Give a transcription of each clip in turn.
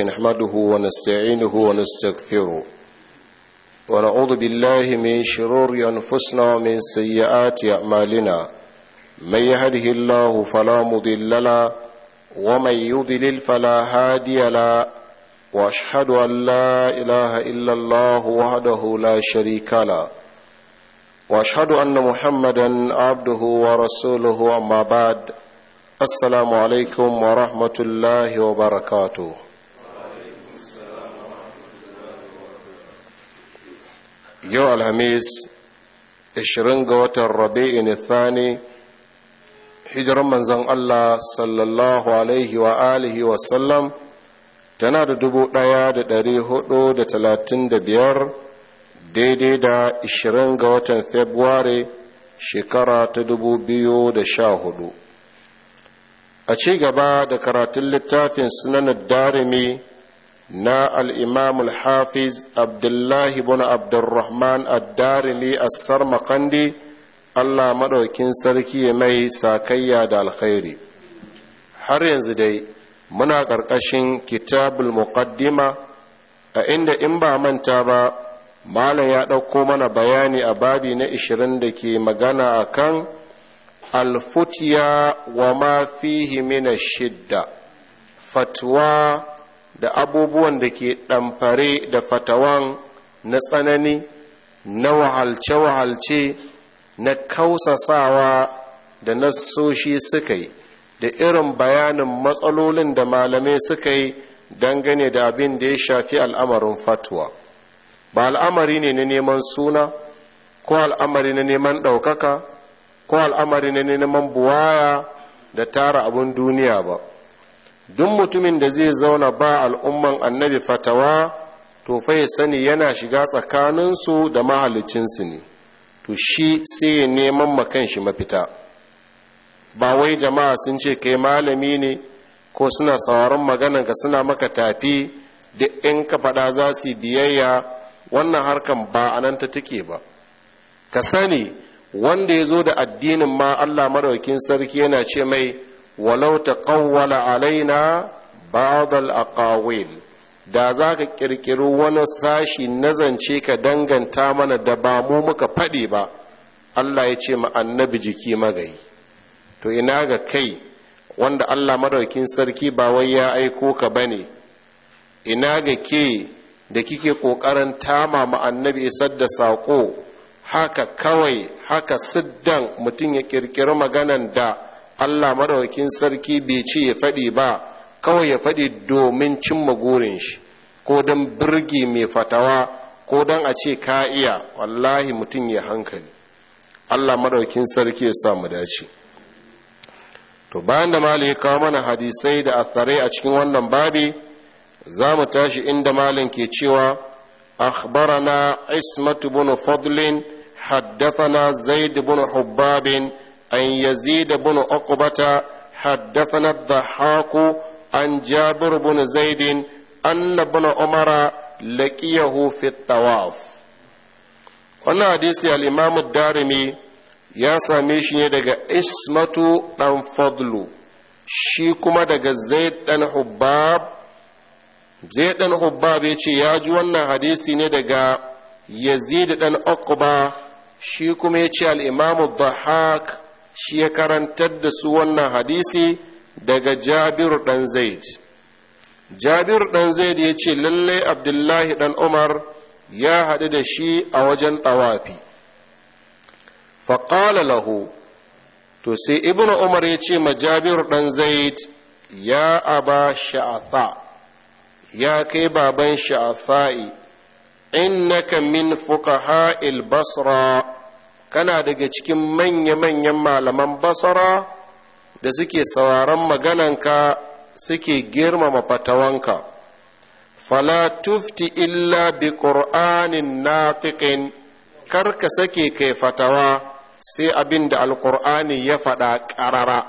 الله نحمده ونستعينه ونستغفره ونعوذ بالله من شرور أنفسنا ومن سيئات أعمالنا من يهده الله فلا مضل له ومن يضلل فلا هادي له واشهد ان لا اله الا الله وحده لا شريك له واشهد ان محمدا عبده ورسوله اما بعد السلام عليكم ورحمه الله وبركاته yau alhamis 20 ga watan rabi'in thani hijiran manzan Allah sallallahu alaihi wa alihi wa sallam tana da dubu ɗaya da ɗari hudu da talatin da biyar daidai da 20 ga watan februari shekara ta dubu biyu da sha hudu a ci gaba da karatun littafin sunanar darimi na al'imam al-hafiz abdullahi bin abdurrahman ad-darimi as allah maɗaukin sarki mai sakayya da alkhairi har yanzu dai muna ƙarƙashin kitabul muqaddima a inda in ba manta ba malam ya ɗauko mana bayani a babi na 20 da ke magana a kan alfutiya wa ma fihi shidda fatwa da abubuwan da ke ɗamfare da fatawan na tsanani na wahalce-wahalce na kausasawa da nassoshi suka yi da irin bayanin matsalolin da malamai suka yi dangane da abin da ya shafi al'amarin fatwa ba al'amari ne na neman suna ko al'amari na neman ɗaukaka ko al'amari na neman buwaya da tara abin duniya ba duk mutumin da zai zauna ba al'umman annabi fatawa to fa sani yana shiga tsakaninsu da mahalicinsu ne to shi sai ya neman makan shi mafita ba wai jama'a sun ce kai malami ne ko suna sauraron maganarka suna maka tafi da in ka faɗa za su biyayya wannan harkan ba a nan ta take ba ka sani wanda ya zo da addinin ma allah maraukin sarki yana ce mai walau taqawwala alaina ba'd a da za ka ƙirƙiri wani sashi na zance ka danganta mana da ba mu muka faɗi ba Allah ya ce annabi jiki magayi to ina ga kai wanda Allah madaukin sarki ba wai ya aiko ka ba ne? ina ga ke da kike ƙoƙarin tama ma annabi isar da saƙo haka kawai haka siddan mutum ya ƙirƙiri maganan da Allah madaukakin sarki bai ce ya faɗi ba kawai ya faɗi domin cimma gurin shi ko don birge mai fatawa ko don a ce ka iya wallahi mutum ya hankali Allah maɗaukin sarki ya sa mu dace to bayan da malin ya kawo mana hadisai da tsare a cikin wannan babi za mu tashi inda malin ke cewa akhbarana ismatu bin fadlin na zaid na hubbabin an yazid bin uqbata haddathana ad-dhahhak an jabir bin zaid anna bin umara laqiyahu fi tawaf wannan hadisi al darumi ya same shi ne daga ismatu dan fadlu shi kuma daga zaid dan hubbab zaid dan ya ce ya ji wannan hadisi ne daga yazid dan uqba shi kuma ya ce al-imam ad shi ya karantar da su wannan hadisi daga jabiru ɗan zaid jabiru ɗan zaid ya ce lallai abdullahi ɗan umar ya haɗu da shi a wajen ɗawafi faƙala lahu to sai ibn umar ya ce ma jabiru ɗan zaid ya aba sha'atha ya kai baban sha'atha'i innaka min ha'il basra kana daga cikin manya-manyan malaman basara da suke sauraron magananka suke girmama fatawanka fala tufti illa bi ƙur'anin na kar ka sake kai fatawa sai abin da alƙur'ani ya faɗa ƙarara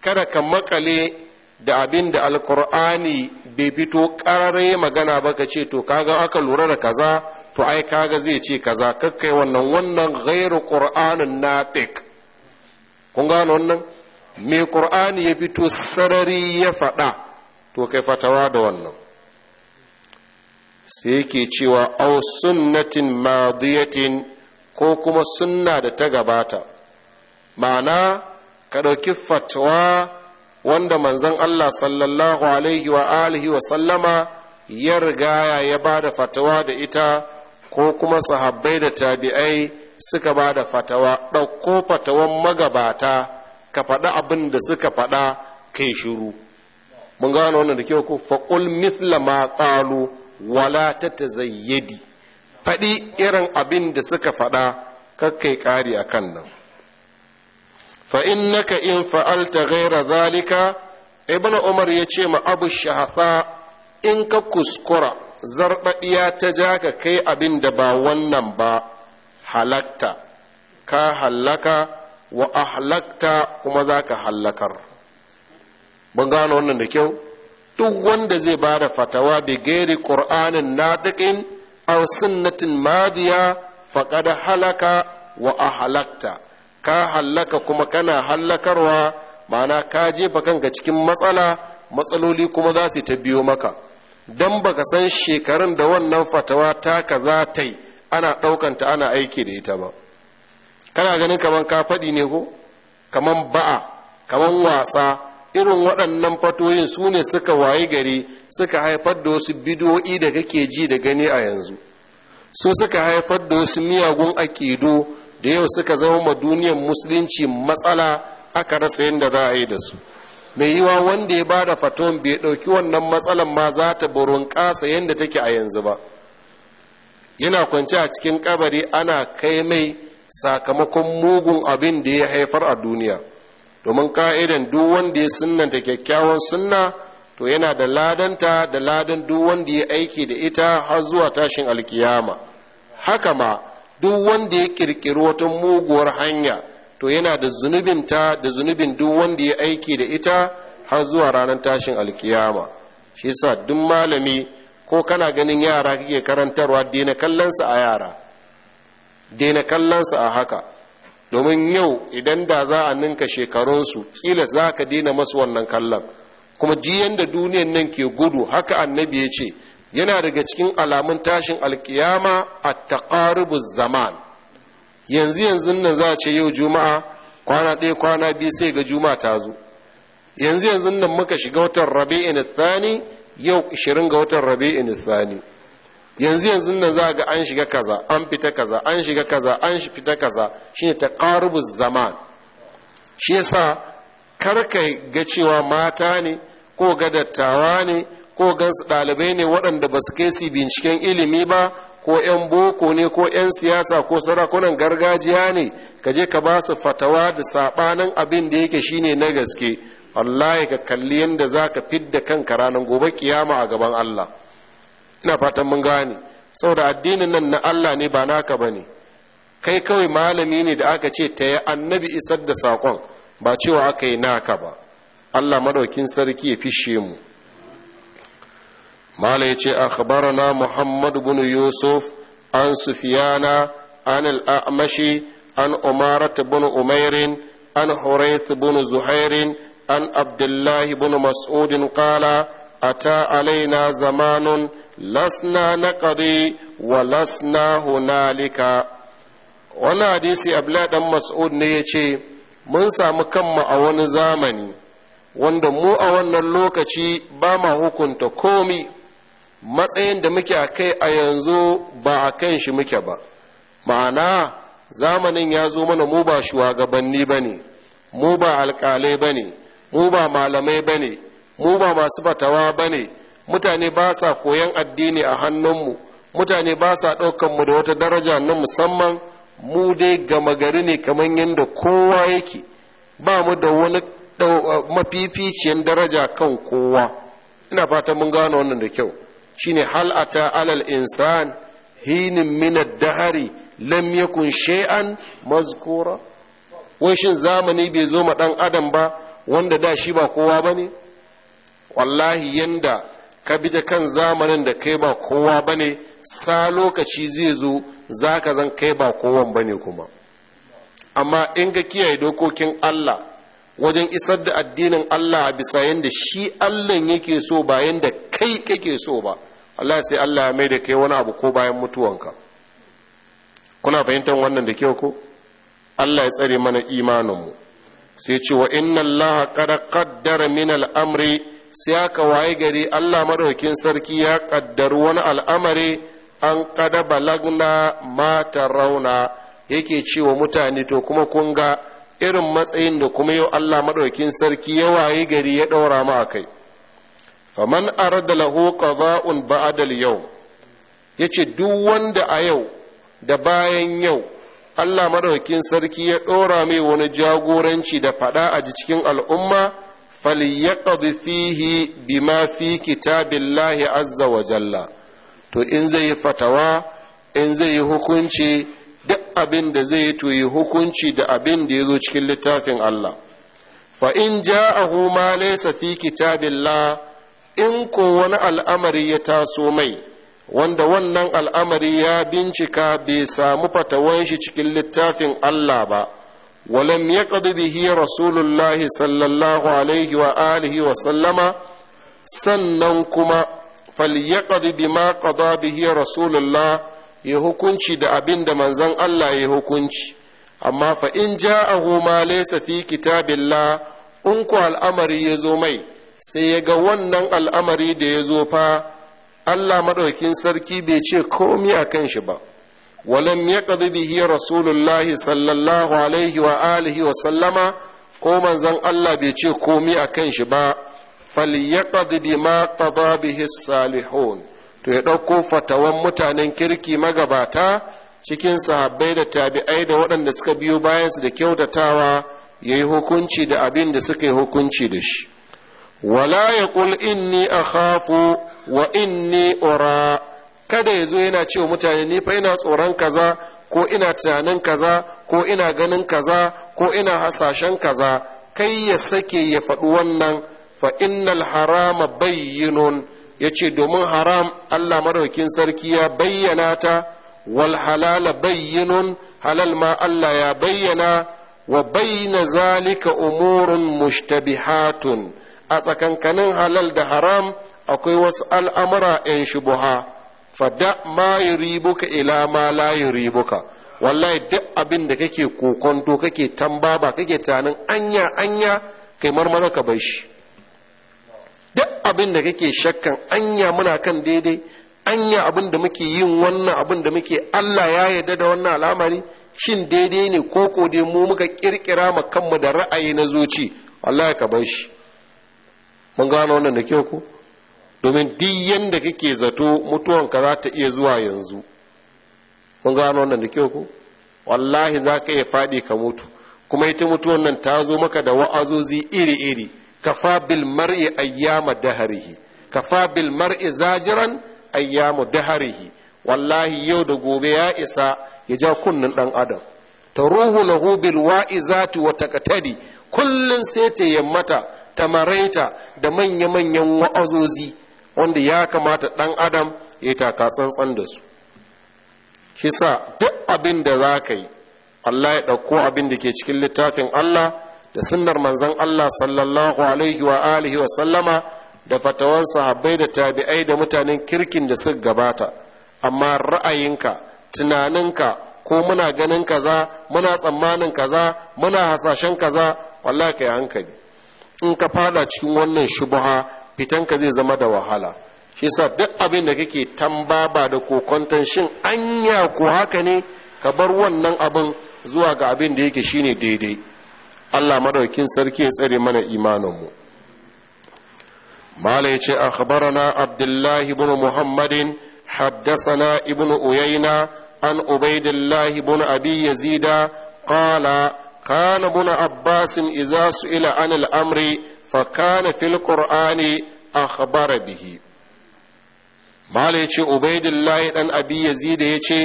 kada ka makale da abin da alkur'ani bai fito karare magana ba ka ce to kaga aka lura da kaza to ai kaga zai ce kaza kakkai wannan wannan ghairu qur'anin natiq kun gano wannan me qur'ani ya fito sarari ya faɗa to kai fatawa da wannan sai yake cewa au sunnatin madiyatin ko kuma sunna da ta gabata ma'ana ka ɗauki fatawa wanda manzon Allah sallallahu alaihi wa alihi wa sallama ya rigaya ya ba da fatawa da ita ko kuma sahabbai da tabi'ai suka ba da fatawa ɗauko fatawan magabata ka faɗa abin da suka faɗa kai shiru mun gano wannan da kyau ko faƙul mithla ma ƙalu wala ta tazayyadi faɗi irin abin da suka faɗa kakkai ƙari a kan nan fa innaka in fa'alta ghaira zalika ibnu umar ya ce ma abu shahafa in ka kuskura zarɓaɗiya ta ja ka kai abin da ba wannan ba halakta ka hallaka wa ahlakta kuma za ka hallakar ban gano wannan da kyau duk wanda zai ba da fatawa bi gairi ƙur'anin natiƙin aw sunnatin madiya faqad halaka wa ahlakta ka hallaka kuma kana hallakarwa mana ka jefa kanka cikin matsala matsaloli kuma za su ta biyo maka don baka san shekarun da wannan fatawa taka za ta yi ana ɗaukanta ana aiki da ita ba kana ganin kamar ka faɗi ne ko kamar ba'a kaman wasa irin waɗannan fatoyin su ne suka wayi gari suka haifar da wasu bidiyo'i da kake ji da gani a yanzu su suka haifar da wasu miyagun aƙidu da yau suka zama ma duniyar musulunci matsala aka rasa yadda za a yi da su mai yiwa wanda ya bada faton bai ɗauki wannan matsalan ma za ta burin ƙasa yadda take a yanzu ba yana kwance a cikin kabari ana kai mai sakamakon mugun abin da ya haifar a duniya domin ka'idan duk wanda ya da kyakkyawan sunna to yana da ladanta da ladan duk wanda ya aiki da ita har zuwa tashin alkiyama haka ma duk wanda ya kirkiri wata muguwar hanya to yana da zunubin ta da zunubin duk wanda ya aiki da ita har zuwa ranar tashin alkiyama shi yasa duk malami ko kana ganin yara kake karantarwa daina kallonsa a yara daina kallonsa a haka domin yau idan da za a ninka shekarunsu kila za ka daina masu wannan kallon kuma jiyan da duniyan nan ke gudu haka annabi ya ce yana daga cikin alamun tashin alkiyama a taƙarubus zaman yanzu yanzu nan za a ce yau juma'a kwana ɗaya kwana biyu sai ga juma'a ta zo yanzu yanzu nan muka shiga watan rabi'in tsani yau 20 ga watan rabi'in tsani yanzu yanzu nan za a ga an shiga kaza an fita kaza an shiga kaza an fita kaza shi ne taqarubuz zaman shi yasa karkai ga cewa mata ne ko ga dattawa ne ko gansu ɗalibai ne waɗanda ba su kai su binciken ilimi ba ko 'yan boko ne ko 'yan siyasa ko sarakunan gargajiya ne ka je ka ba su fatawa da saɓanin abin da yake shine na gaske wallahi ka kalli yadda za ka fidda kanka ranar gobe kiyama a gaban allah ina fatan mun gane saboda addinin nan na allah ne ba naka ba ne kai kawai malami ne da aka ce ta yi annabi isar da saƙon ba cewa aka yi naka ba allah maɗaukin sarki ya fishe mu mala ya ce akhbarana muhammad bin yusuf an sufiyana an Al-amashi, an umarat bin umairin an hurayth bin zuhairin an abdullahi bin mas'udin qala ata alaina zamanun lasna naqdi wa lasna hunalika wani hadisi abdullahi dan mas'ud ne ya ce mun samu kanmu a wani zamani wanda mu a wannan lokaci ba ma hukunta komi matsayin da muke a kai a yanzu ba a kan shi muke ba ma'ana zamanin ya zo mana mu ba shugabanni ba ne mu ba alƙalai ba ne mu ba malamai ba ne mu ba masu fatawa ba ne mutane ba sa koyon addini a hannunmu mutane ba sa ɗaukanmu da wata daraja na musamman mu dai gama gari ne kamar yadda kowa yake ba mu da wani mafificiyar daraja kan kowa ina fata mun gane wannan da kyau shine hal ata alal insan hinin min ad-dahri lam yakun shay'an mazkura wai shin zamani bai zo ma dan adam ba wanda da shi ba kowa bane wallahi yanda ka bi kan zamanin da kai ba kowa bane sa lokaci zai zo zaka zan kai ba kowan bane kuma amma in ga kiyaye dokokin Allah wajen isar da addinin Allah a bisa yanda shi Allah yake so ba yanda kai kake so ba Allah sai Allah mai da kai wani abu ko bayan mutuwanka kuna fahimtar wannan da kyau ko Allah ya tsare mana imaninmu sai ce wa inna Allah qad qaddara min al-amri sai aka waye gari Allah madaukin sarki ya kaddar wani al'amari an kada balagna ma rauna yake cewa mutane to kuma kun ga irin matsayin da kuma yau Allah madaukin sarki ya waye gari ya daura mu akai kai faman arada lahu qada'un ba'da al-yawm yace duk wanda a yau da bayan yau Allah madaukakin sarki ya dora mai wani jagoranci da fada a cikin al'umma falyaqdi fihi bima fi kitabillahi azza wa jalla to in zai yi fatawa in zai yi hukunci duk abin da zai yi to yi hukunci da abin da ya zo cikin littafin Allah fa in ja'ahu ma laysa fi kitabillahi in ko wani al'amari ya taso mai wanda wannan al'amari ya bincika bai samu fatawan shi cikin littafin Allah ba walam ya bihi rasulullahi sallallahu alaihi wa alihi wa sallama sannan kuma bi ma qada bihi rasulullah ya hukunci da abinda da manzon Allah ya hukunci amma fa in ja'ahu ma laysa fi kitabillah in ko al'amari ya zo mai sai ya ga wannan al'amari da ya zo fa Allah maɗaukin sarki bai ce komi a kan shi ba walam ya bihi rasulullahi sallallahu alaihi wa alihi wa sallama ko manzon Allah bai ce komi a kan shi ba bi bima qada bihi salihun to ya ɗauko fatawan mutanen kirki magabata cikin sahabbai da tabi'ai da waɗanda suka biyo bayansu da kyautatawa ya yi hukunci da abin da suka yi hukunci da shi wala ya kul a akhafu wa inni ora kada ya zo yana ce wa mutane ni fa ina tsoron kaza ko ina tunanin kaza ko ina ganin kaza ko ina hasashen kaza kai ya sake ya faɗi wannan fa innal harama bayyinun ce domin haram Allah maraukin sarki ya bayyana ta wal halala bayyinun halal ma Allah ya bayyana wa bayyana zalika umurun mushtabihatun a tsakankanin halal da haram akwai wasu al'amura ‘yan shubuha fada ma yi ribuka ila ma la yi ribuka wallahi duk abin da kake kokonto kake tambaba kake tanin anya anya kai marmara ka bai shi duk abin da kake shakkan anya muna kan daidai anya abin da muke yin wannan abin da muke Allah ya yarda da wannan al'amari shin daidai ne ko ko dai mu muka kirkira ma kanmu da ra'ayi na zuci wallahi ka bai shi mun gano wannan da kyau ko domin duk yadda kake zato mutuwan ka za ta iya zuwa yanzu mun gano wannan da kyau ko wallahi za ka iya faɗi ka mutu kuma ita mutuwan nan ta zo maka da wa'azozi iri-iri kafa bil mar'i ayyama daharihi kafa bil mar'i zajiran ayyamu daharihi wallahi yau da gobe ya isa ya ja kunnin dan adam ta ruhu lahu bil wa'izati wa takatadi kullun sai ta yammata Ta maraita da manya-manyan wa'azozi wanda ya kamata ɗan adam ya taka tsantsan da su shi duk abin da za ka yi allah ya ɗauko abin da ke cikin littafin allah da sunnar manzan allah sallallahu alaihi wa alihi wa sallama da fatawar sahabai da tabi'ai da mutanen kirkin da suka gabata amma ra'ayinka tunaninka ko muna ganin kaza muna tsammanin kaza muna hasashen kaza wallahi kai hankali in ka fada cikin wannan shubuha fitanka zai zama da wahala shi sa duk abin da kake tamba ba da kokonton shin anya ko haka ne ka bar wannan abin zuwa ga abin da yake shine daidai Allah madaukin sarki ya tsare mana imaninmu mala ya ce akhbarana abdullahi ibn muhammadin na Ibn أيينة an عبيد الله abi ya zida kana buna abbasin iza su ila an al'amri fa kana fil qur'ani akhbara bihi mala yace ubaidillahi dan abi yazid yace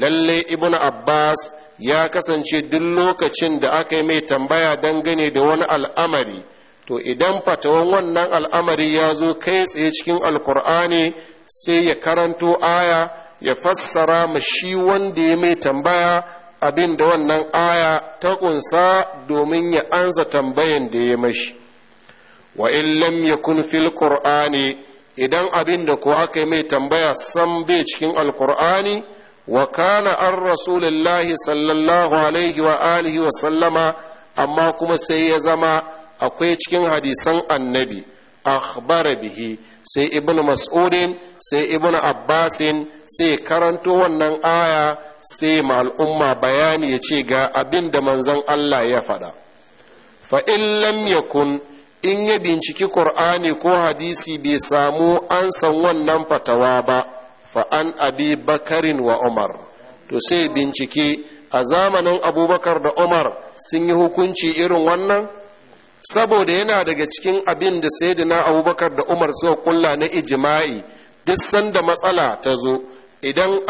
lalle ibnu abbas ya kasance duk lokacin da aka yi mai tambaya dangane da wani al'amari to idan fatawan wannan al'amari ya zo kai tsaye cikin alkur'ani sai ya karanto aya ya fassara ma shi wanda ya mai tambaya abin da wannan aya ta ƙunsa domin ya ansa tambayan da ya mashi wa in lam yakun fil qur'ani idan abin da ko aka yi mai tambaya san bai cikin alqur'ani wa kana an rasulillahi sallallahu alaihi wa alihi wa sallama amma kuma sai ya zama akwai cikin hadisan annabi akhbara bihi sai ibn mas'udin sai ibn abbasin sai karanto wannan aya sai ma al'umma bayani ya ce ga abin da manzon Allah ya faɗa fa in lam yakun in ya binciki qur'ani ko hadisi bai samu an san wannan fatawa ba fa an abi bakarin wa umar to sai bincike a zamanin abubakar da umar sun yi hukunci irin wannan saboda yana daga cikin abin da sayyidina abubakar da umar suka kulla na ijima'i duk sanda matsala ta zo idan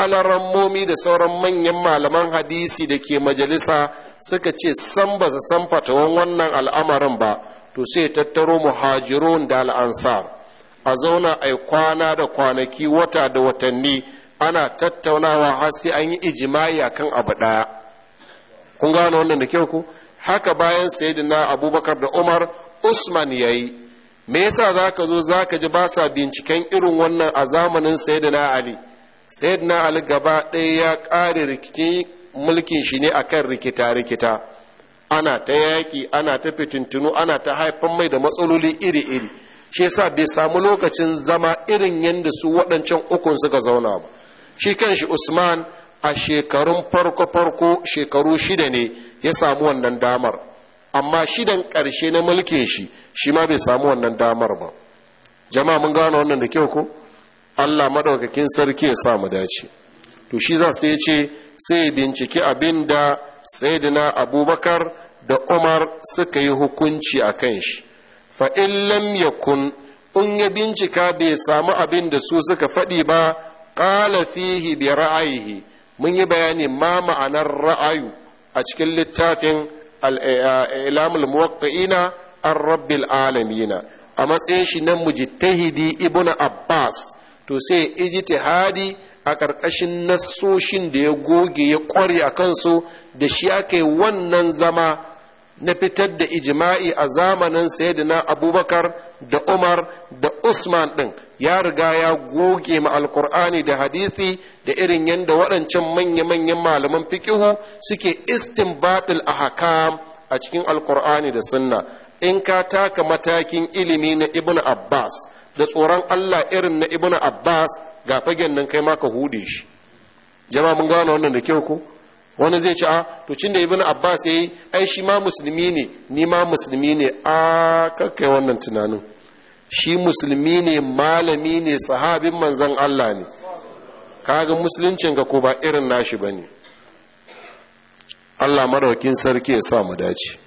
momi da sauran manyan malaman hadisi da ke majalisa suka ce san ba su san fatawan wannan al'amarin ba to sai tattaro muhajirun da al'ansar a zauna ai kwana da kwanaki wata da watanni ana tattaunawa har sai an yi ijimai akan abu ɗaya kun gano wannan da kyau ko? haka bayan sayyidina abubakar da umar usman ya yi me yasa za ka zo za ka ji ba sa binciken irin wannan a zamanin sayyidina ali sayyidina ali gaba ɗaya ya ƙare rikicin mulkin shi ne kan rikita rikita ana ta yaƙi ana ta fitintunu ana ta haifan mai da matsaloli iri iri shi yasa bai samu lokacin zama irin yadda su waɗancan ukun suka zauna ba shi kan shi usman a shekarun farko farko shekaru shida ne ya samu wannan damar amma shidan ƙarshe na mulkin shi shi ma bai samu wannan damar ba jama'a mun gano wannan da kyau ko allah maɗaukakin sarki ya samu dace to shi za sai ce sai binciki abin da sayyidina abubakar da umar suka yi hukunci a kan shi fa in lam yakun in ya bincika bai samu abin da su suka faɗi ba ƙala fihi bi ra'ayihi mun yi bayani ma ma'anar ra'ayu a cikin littafin eh, ilamul muwaqqa'ina an rabbil alamina a matsayin shi na mujtahidi ibn abbas to sai ijtihadi a ƙarƙashin nasoshin da ya goge ya ƙware a kansu da shi aka yi wannan zama na fitar da ijima'i a zamanin sayyidina abubakar da umar da usman ɗin ya riga ya goge ma alkur'ani da hadithi da irin yadda waɗancan manya-manyan malaman fikihu suke istin ahkam a a cikin alkur'ani da sunna in ka taka matakin ilimi na ibn abbas da tsoron allah irin na ibn abbas ga fagen nan kai maka ka hude shi Jama mun gano wannan da kyau ko wani zai ci a ah, to cin da ibn abbas yayi ai shi ma musulmi ne ni ma musulmi ne a kakkai wannan tunanin shi musulmi ne malami ne sahabin manzon Allah ne kaga musuluncin ka ko ba irin nashi bane Allah madaukin sarki ya sa mu dace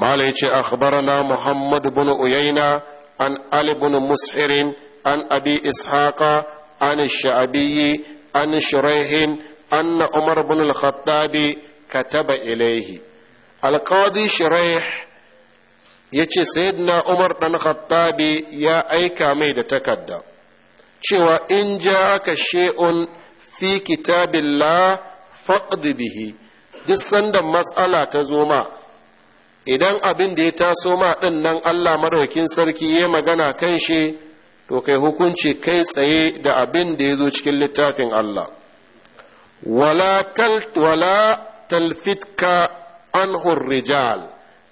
malai yace akhbarana muhammad ibn uyayna an ali ibn mushirin an abi ishaqa an shabi an shurayhin anna umar bin al-khattabi kataba ilaihi alqadi shiraih yace sayyidina umar dan khattabi ya aika mai da takarda cewa in ja'aka shay'un fi kitabillah faqd bihi duk sandan matsala ta zo ma idan abin da ya taso ma din nan Allah madaukin sarki ya magana kan shi to kai hukunci kai tsaye da abin da ya zo cikin littafin Allah wala talfitka anhur rijal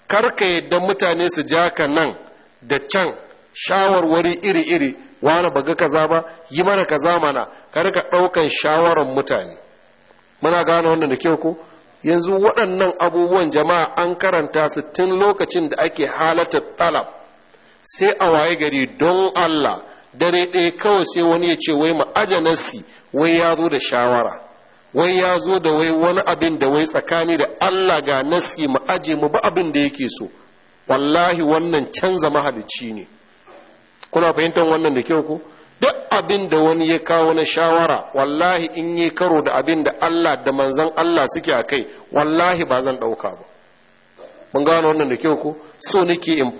kar ka yadda mutane su ja ka nan da can shawarwari iri-iri wani baga kaza ba yi mana kaza mana kar ka ɗaukan shawarar mutane muna gane wannan da kyau ko yanzu waɗannan abubuwan jama'a an karanta su tun lokacin da ake halatta talab sai a waye gari don allah dare ɗaya kawai sai wani ya ce wai ma'ajanarsi wai ya zo da shawara wai ya zo da wai wani abin da wai tsakani da Allah ga nasi mu aje mu ba abin da yake so wallahi wannan canza mahalicci ne kuna fahimtar wannan da kyau ko duk abin da wani ya kawo na shawara wallahi in yi karo da abin da Allah da manzan Allah suke a kai wallahi ba zan ɗauka ba mun gano wannan da kyau ko so nake in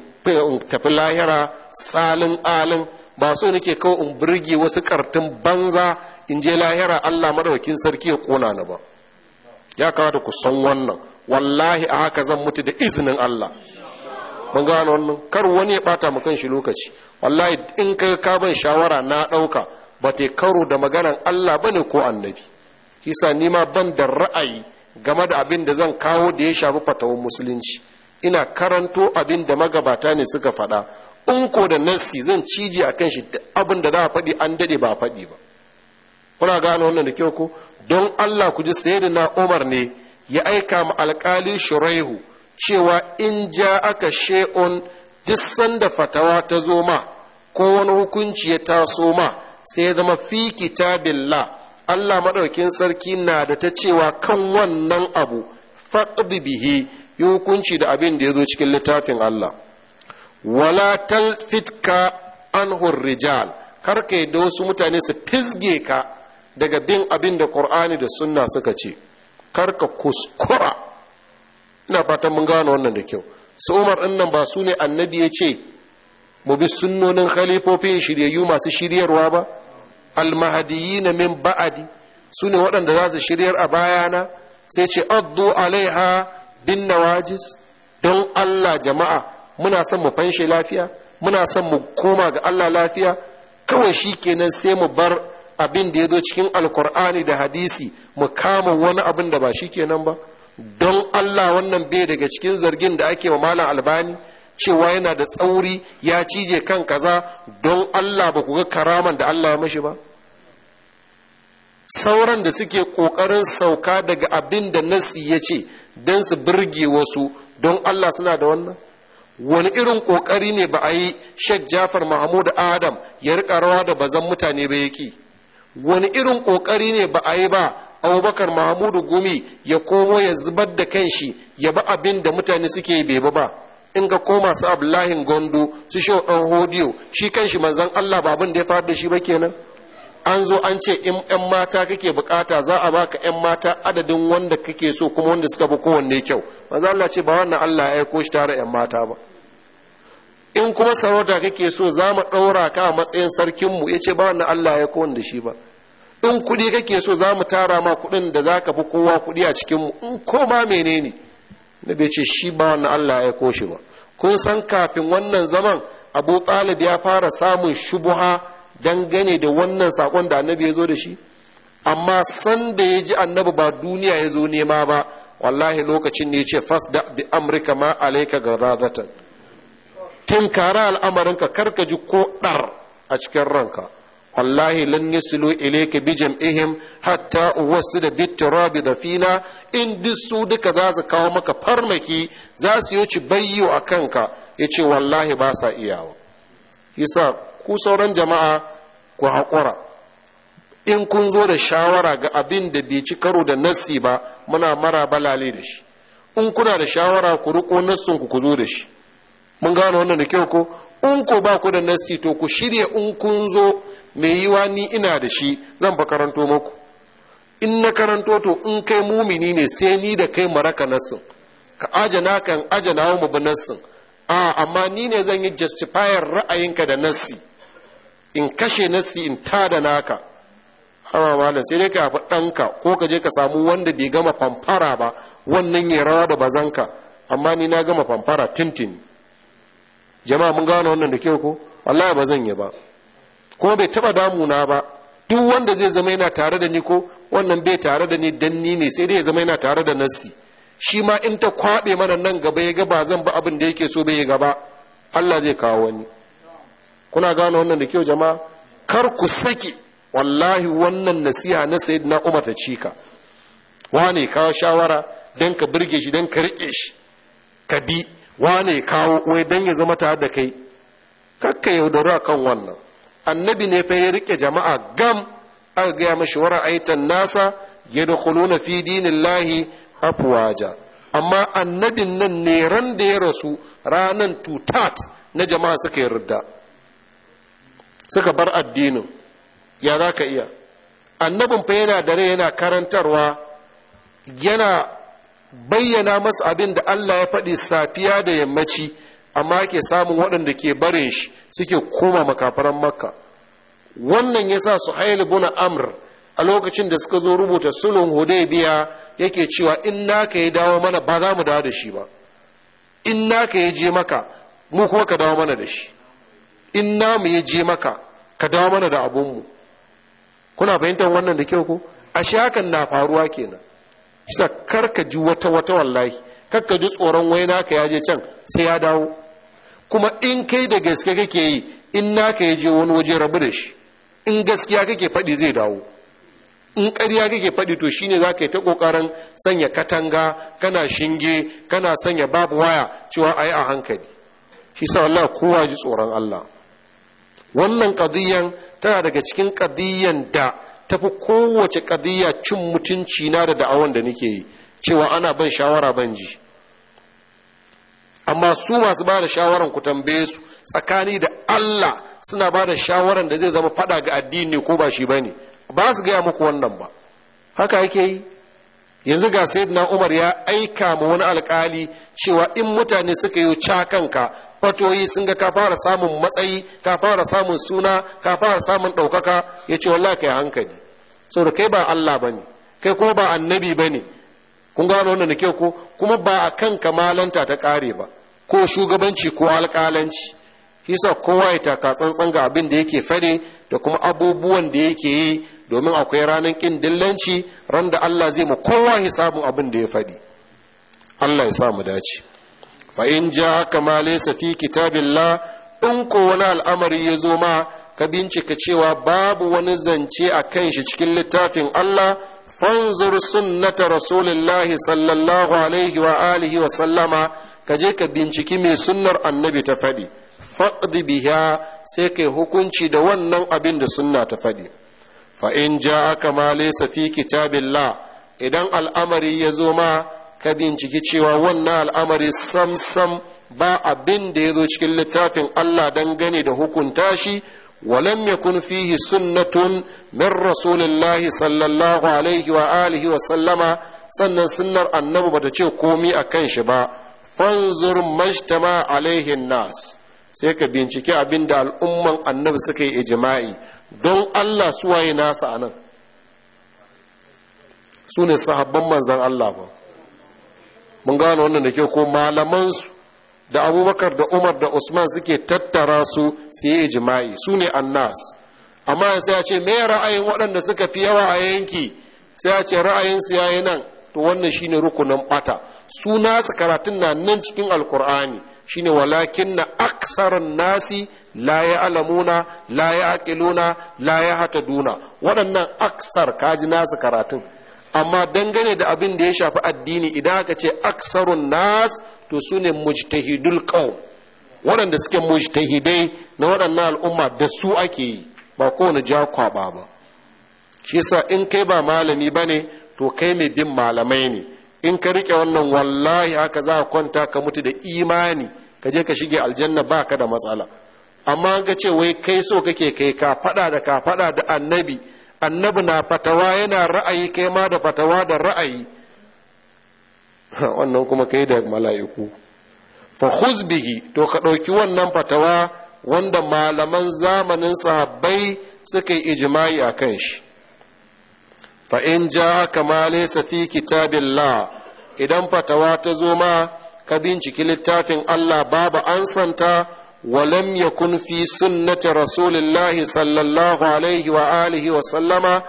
tafi lahira salin alin ba so nake kawo in burge wasu kartun banza in je lahira Allah madaukin sarki ya kona ni ba ya kawata ku san wannan wallahi a haka zan mutu da izinin Allah mun gano wannan kar wani ya bata mu kan shi lokaci wallahi in ka ka ban shawara na dauka ba te karo da maganan Allah ba ne ko annabi hisa ni ma ban da ra'ayi game da abin da zan kawo da ya shafi fatawun musulunci ina karanto abin da magabata ne suka faɗa in ko da nassi zan cije akan shi abin da za a faɗi an dade ba a faɗi ba kuna gane wannan da kyau ko don Allah ku ji sayyidina Umar ne ya aika ma alkali Shuraihu cewa in ja aka she'un duk sanda fatawa ta zo ma ko wani hukunci ya taso ma sai ya zama fi kitabillah Allah maɗaukin sarki na da ta cewa kan wannan abu faqdi bihi yi hukunci da abin da ya zo cikin littafin Allah wala talfitka anhur rijal kar ka da wasu mutane su fisge ka daga bin abin da ƙur'ani da sunna suka ce karka kuskura ina fatan mun gano wannan da kyau su umar ɗin nan ba su ne annabi ya ce mu bi sunnonin khalifofin shiryayyu masu shiryarwa ba almahadiyina min ba'adi su ne waɗanda za su shiryar a bayana sai ce addu alaiha bin nawajis don allah jama'a muna son mu fanshe lafiya muna son mu koma ga allah lafiya kawai shi kenan sai mu bar abin da ya zo cikin alkur'ani da hadisi mu kama wani abin da ba shi kenan ba don allah wannan bai daga cikin zargin da ake wa malam albani cewa yana da tsauri ya cije kan kaza don allah ba ku ga karaman da allah ya mashi ba sauran da suke ƙoƙarin sauka daga abin da nasi ya ce don su birge wasu don allah suna da wannan wani irin ƙoƙari ne ba a yi shek jafar mahmud adam ya riƙa rawa da bazan mutane ba yake wani irin ƙoƙari ne ba a yi ba abubakar mahmudu gumi ya komo ya zubar da kanshi ya ba abin da mutane suke bai ba in ka koma su ablahin gondo su shi ɗan hodiyo shi kanshi manzan allah ba abin da ya faru da shi ba kenan an zo an ce in yan mata kake bukata za a baka yan mata adadin wanda kake so kuma wanda suka fi kowanne kyau manzan allah ce ba wannan allah ya aiko shi tare yan mata ba in kuma sarauta kake so za mu ɗaura ka a matsayin sarkinmu ya ce ba wannan Allah ya kowanne shi ba in kuɗi kake so za mu tara ma kuɗin da za ka fi kowa kuɗi a cikinmu in koma menene na bai ce shi ba wannan Allah ya ko shi ba kun san kafin wannan zaman abu ɗalib ya fara samun shubuha dangane da wannan saƙon da annabi ya zo da shi amma san da ya ji annabi ba duniya ya zo nema ba wallahi lokacin ne ya ce fas da bi amrika ma alaika ga gadadatan tinkara al'amarinka kar ka ji ko ɗar a cikin ranka wallahi lan yasilu ilayka bi jam'ihim hatta da bitirabi da fina in duk su duka za su kawo maka farmaki za su yi ci bayyo a kanka yace wallahi ba sa iyawa yasa ku sauran jama'a ku haƙura in kun zo da shawara ga abin da bai ci karo da nassi ba muna mara balale da shi in kuna da shawara ku riko nassun ku ku zo da shi mun gano wannan da kyau ko in ko ba ku da nassi to ku shirya in kun zo mai yiwa ni ina da shi zan fa karanto muku in na karanto to in kai mumini ne sai ni da kai maraka nassin ka ajana kan ajana mu bi nassin a amma ni ne zan yi justifier ra'ayinka da nassi in kashe nassi in tada naka hawa malam sai dai ka hafi ɗanka ko ka je ka samu wanda bai gama famfara ba wannan ya rawa da bazanka amma ni na gama famfara tintin jama'a mun gano wannan da kyau ko wallahi ba zan yi ba kuma bai taba na ba duk wanda zai zama yana tare da ni ko wannan bai tare da ni dan ni ne sai dai ya zama yana tare da nassi shi ma in ta kwabe mana nan gaba ya ga ba zan ba abin da yake so bai gaba Allah zai kawo wani kuna gano wannan da kyau jama'a kar ku saki wallahi wannan nasiha na sayyidina Umar ta cika wane ka shawara dan ka burge shi dan ka rike shi ka bi wane kawo wai dan ya zama tare da kai kakka yaudaru a kan wannan annabi ne fa ya rike jama'a gam aka gaya mashi wara aitan nasa ya na fi dinillahi afuwaja amma annabin nan ne ran da ya rasu ranan tutat na jama'a suka yarda suka bar addinin ya za ka iya annabin fa yana dare, yana karantarwa yana bayyana masu abin da Allah ya faɗi safiya da yammaci amma ke samun waɗanda ke barin shi suke koma makafaran makka wannan ya yasa suhail Buna amr a lokacin da suka zo rubuta sulun sulhun hudaybiya yake cewa in naka ya dawo mana ba za mu dawo da shi ba in naka ya je maka mu kuma ka dawo mana da shi in namu ya je maka ka dawo mana da abunmu kuna fahimtar wannan da kyau ko shi hakan na faruwa kenan bisa karka ji wata wata wallahi karka ji tsoron wai naka ya je can sai ya dawo kuma in kai da gaske kake yi in naka ya je wani waje rabu da shi in gaskiya kake faɗi zai dawo in ƙarya kake faɗi to shine za ka yi ta ƙoƙarin sanya katanga kana shinge kana sanya babu waya cewa ai a hankali shi sa Allah kowa ji tsoron Allah wannan ƙadiyyan tana daga cikin ƙadiyyan da tafi kowace kadiyya cin mutunci na da da'awan da nake yi cewa ana ban shawara ban ji amma su masu ba da shawaran ku tambaye su tsakani da Allah suna ba da shawaran da zai zama fada ga addini ko ba shi bane ba su gaya muku wannan ba haka yake yi yanzu ga na umar ya aika ma wani alkali cewa in mutane suka yi cakanka fatoyi sun ga ka fara samun matsayi ka fara samun suna ka fara samun ɗaukaka ya ce wallahi kai hankali saboda kai ba allah ba ne kai kuma ba annabi ba ne kun gano wannan da kyau ko kuma ba a kan malanta ta ƙare ba ko shugabanci ko alƙalanci shi sa kowa ya taka tsantsan ga abin da yake faɗi da kuma abubuwan da yake yi domin akwai ranar kin dillanci ran da Allah zai mu kowa hisabun abin da ya fadi Allah ya sa mu dace fa in ja kama laysa fi kitabillah in ko wani al'amari ya zo ma ka bincika cewa babu wani zance a kan shi cikin littafin Allah fanzur sunnata rasulillahi sallallahu alaihi wa alihi wa sallama ka je ka binciki mai sunnar annabi ta faɗi faqdi biha sai kai hukunci da wannan abin da sunna ta faɗi fa in ja'aka ma laysa fi kitabillah idan al'amari ya zo ma ka binciki cewa wannan al'amari sam sam ba abin da ya zo cikin littafin Allah dangane da hukunta shi ولم يكن فيه سنة من رسول الله صلى الله عليه وآله وسلم سنة سنة النبو ta ce komi a kan shi ba fanzur majtama alaihin nas sai ka binciki abinda da al'umman annabi suka yi ijima'i don allah suwaye nasa a nan su ne sahabban manzan allah ba mun gano wannan da ke ko malamansu da abubakar da umar da usman suke tattara su su yi ijima'i su ne annas amma sai ya ce me ra'ayin waɗanda suka fi yawa a yanki sai a ce ra'ayinsu ya yi nan to wannan shine rukunin bata su nasu karatun na nan cikin alkur'ani shine walakin na aksarun nasi la ya alamuna la ya aƙiluna la ya hataduna waɗannan aksar kaji nasu karatun amma dangane da abin da ya shafi addini idan aka ce aksarun nas to su ne mujtahidul qaum waɗanda suke mujtahidai na waɗannan al'umma da su ake yi ba kowane ja jakwa ba shi yasa in kai ba malami ba to kai mai bin malamai ne in ka riƙe wannan wallahi haka za a kwanta ka mutu da imani ka je ka shige aljanna ba ka da matsala amma ga ce wai kai so kake kai ka fada da ka fada da annabi annabi na fatawa yana ra'ayi kai ma da fatawa da ra'ayi wannan kuma kai da mala'iku fa bihi to ka ɗauki wannan fatawa wanda malaman zamanin sahabbai suka yi ijimai a kan shi fa in ja haka ma laysa fi kitabillah idan fatawa ta zo ma ka binciki littafin Allah babu ansanta walam yakun fi sunnati rasulillahi sallallahu alaihi wa wa sallama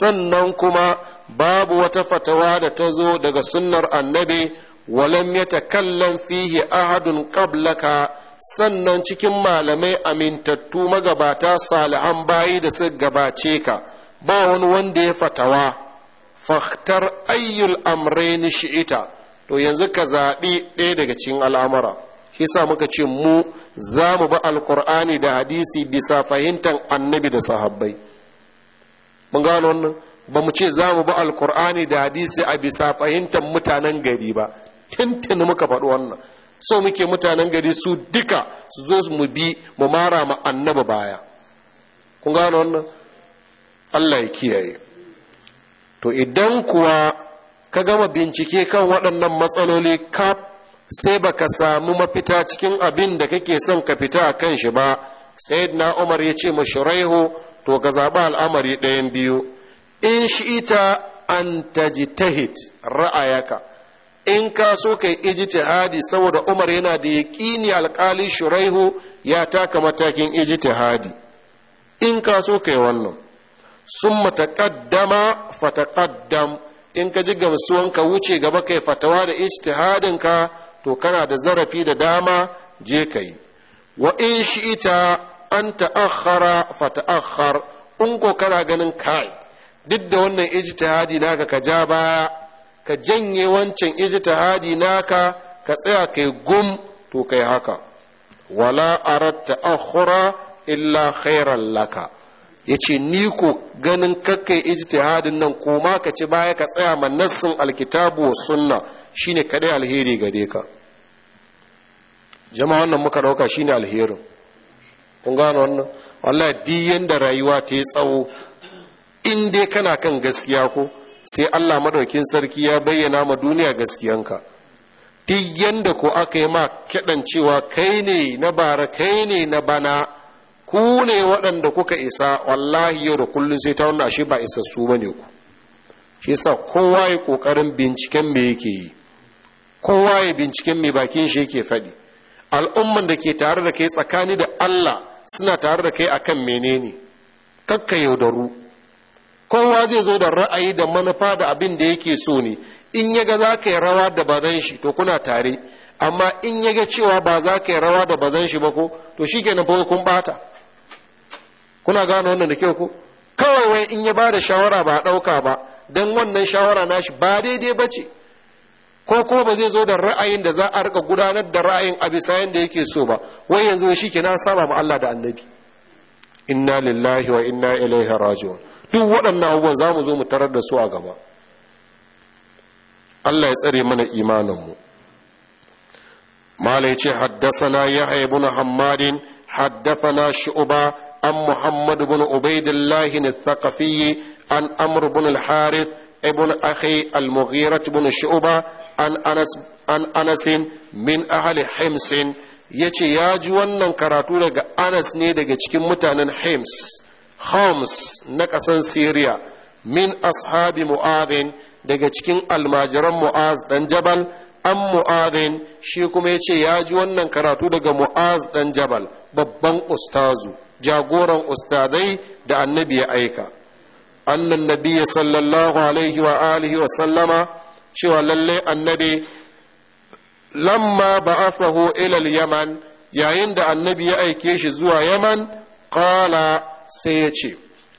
sannan kuma babu wata fatawa da ta zo daga sunnar annabi walam yatakallam fihi ahadun qablaka sannan cikin malamai amintattu magabata salihan bai da su gabace ka ba wani wanda ya fatawa fahtar ayyul shi ita. to yanzu ka zaɓi ɗaya daga cikin al'amura shi sa muka ce mu za mu ba alkur'ani da hadisi bisa fahimtar annabi da sahabbai mun gano wannan ba mu ce za mu ba alkur'ani da hadisi a bisa fahimtar mutanen gari ba tintin muka faɗi wannan so muke mutanen gari su duka su zo mu bi mu mara ma annabi baya kun gano wannan Allah ya kiyaye to idan kuwa ka gama bincike kan waɗannan matsaloli kaf sai ba ka samu mafita cikin abin da kake son ka fita a kan shi ba na umar ya ce ma shuraihu to ka zaɓi al'amari ɗayan biyu in shi'ita an tajtahid ra'ayaka in ka so kai ijtihadi saboda Umar yana da yaƙini alƙali shiraihu ya taka matakin ijtihadi in ka so kai wannan summa mataƙaddama fataqaddam in ka ji gamsuwan ka wuce gaba kai fatawa da ijtihadin ka to kana da zarafi da dama je kai wa in shi'ita an ta'akhkhara fa ta'akhkhar in ko kana ganin kai duk da wannan ijtihadi naka ka ja baya ka janye wancan ijtihadi naka ka tsaya kai gum to kai haka wala arat ta'akhkhura illa khairan laka ya ce ni ko ganin kakkai ijtihadin nan ko ma ka ci baya ka tsaya ma nassin alkitabu wa sunna shine kadai alheri gare ka jama'a wannan muka dauka shine alherin kun gano wannan wallahi di yanda rayuwa ta yi tsawo in dai kana kan gaskiya ko sai Allah madaukin sarki ya bayyana ma duniya gaskiyanka duk yanda ko aka yi ma kiɗan cewa kai ne na bara kai ne na bana ku ne waɗanda kuka isa wallahi yau da kullum sai ta wannan ashe ba isassu ba ne ku shi sa kowa ya ƙoƙarin binciken me yake yi kowa ya binciken me bakin shi yake faɗi al'umman da ke tare da kai tsakani da allah suna tare da kai akan menene kakka yaudaru kowa zai zo da ra'ayi da manufa da abin da yake so ne in ya ga za ka yi rawa da bazan shi to kuna tare amma in ya ga cewa ba za ka yi rawa da bazan shi ba ko to shi kenan fa kun bata kuna gane wannan da kyau ko kawai wai in ya bada shawara ba ɗauka ba don wannan shawara nashi ba daidai ba ce ko ko ba zai zo da ra'ayin da za a rika gudanar da ra'ayin a bisa yadda yake so ba wai yanzu shi ke na saba ma Allah da annabi inna lillahi wa inna ilaihi raji'un duk waɗannan abubuwan za mu zo mu tarar da su a gaba Allah ya tsare mana imaninmu mu ya ce haddasa na ya haibu na haddasa na shi'uba An محمد بن عبيد الله الثقفي عن أمر بن الحارث ابن أخي المغيرة بن شعبة عن أنس عن أنس من أهل حمص yace ya ji wannan karatu daga anas ne daga cikin mutanen hims homs na ƙasan syria min ashabi mu'adhin daga cikin almajiran mu'az ɗan jabal an mu'adhin shi kuma yace ya ji wannan karatu daga mu'az ɗan jabal babban ustazu jagoran ustadai da annabi ya aika annan nabiya sallallahu alaihi wa alihi wa sallama cewa lallai annabi lamma ba'athahu ila yaman yayin da annabi ya aike shi zuwa yaman qala sai ya ce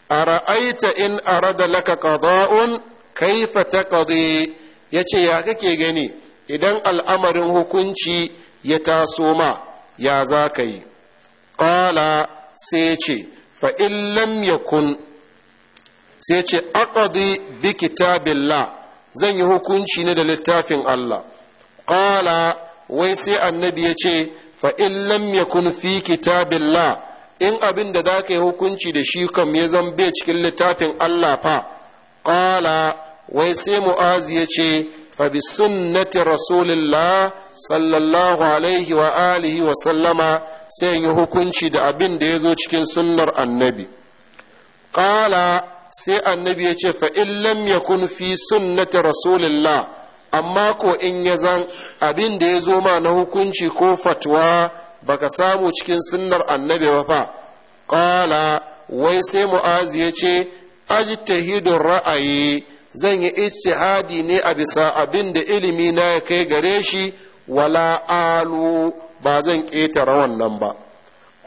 ara'aita in arada laka qada'un kaifa taqdi yace ya kake gani idan al'amarin hukunci ya taso ma ya za ka yi ƙala sai ce fa'in lam kun. sai ce aqadi bi kitabillah zan yi hukunci ne da littafin Allah Ƙala, wai sai annabi ya ce fa'in lam kun fi kitabillah in abin da za ka yi hukunci da shi kam ya zan bai cikin littafin Allah fa Ƙala, wai sai mu'azi ya ce fa bi sunnati rasulillah sallallahu alaihi wa alihi wa sallama sai yi hukunci da abin da ya zo cikin sunnar annabi ƙala sai annabi ya ce fa lam yakun fi sunnati rasulillah amma ko in ya zan abin da ya zo ma na hukunci ko fatwa baka samu cikin sunnar annabi ba fa ƙala wai sai mu'azi ya ce ra'ayi zan yi istihadi ne a bisa abin da ilimi na ya kai gare shi wala alu ba zan ƙetare wannan ba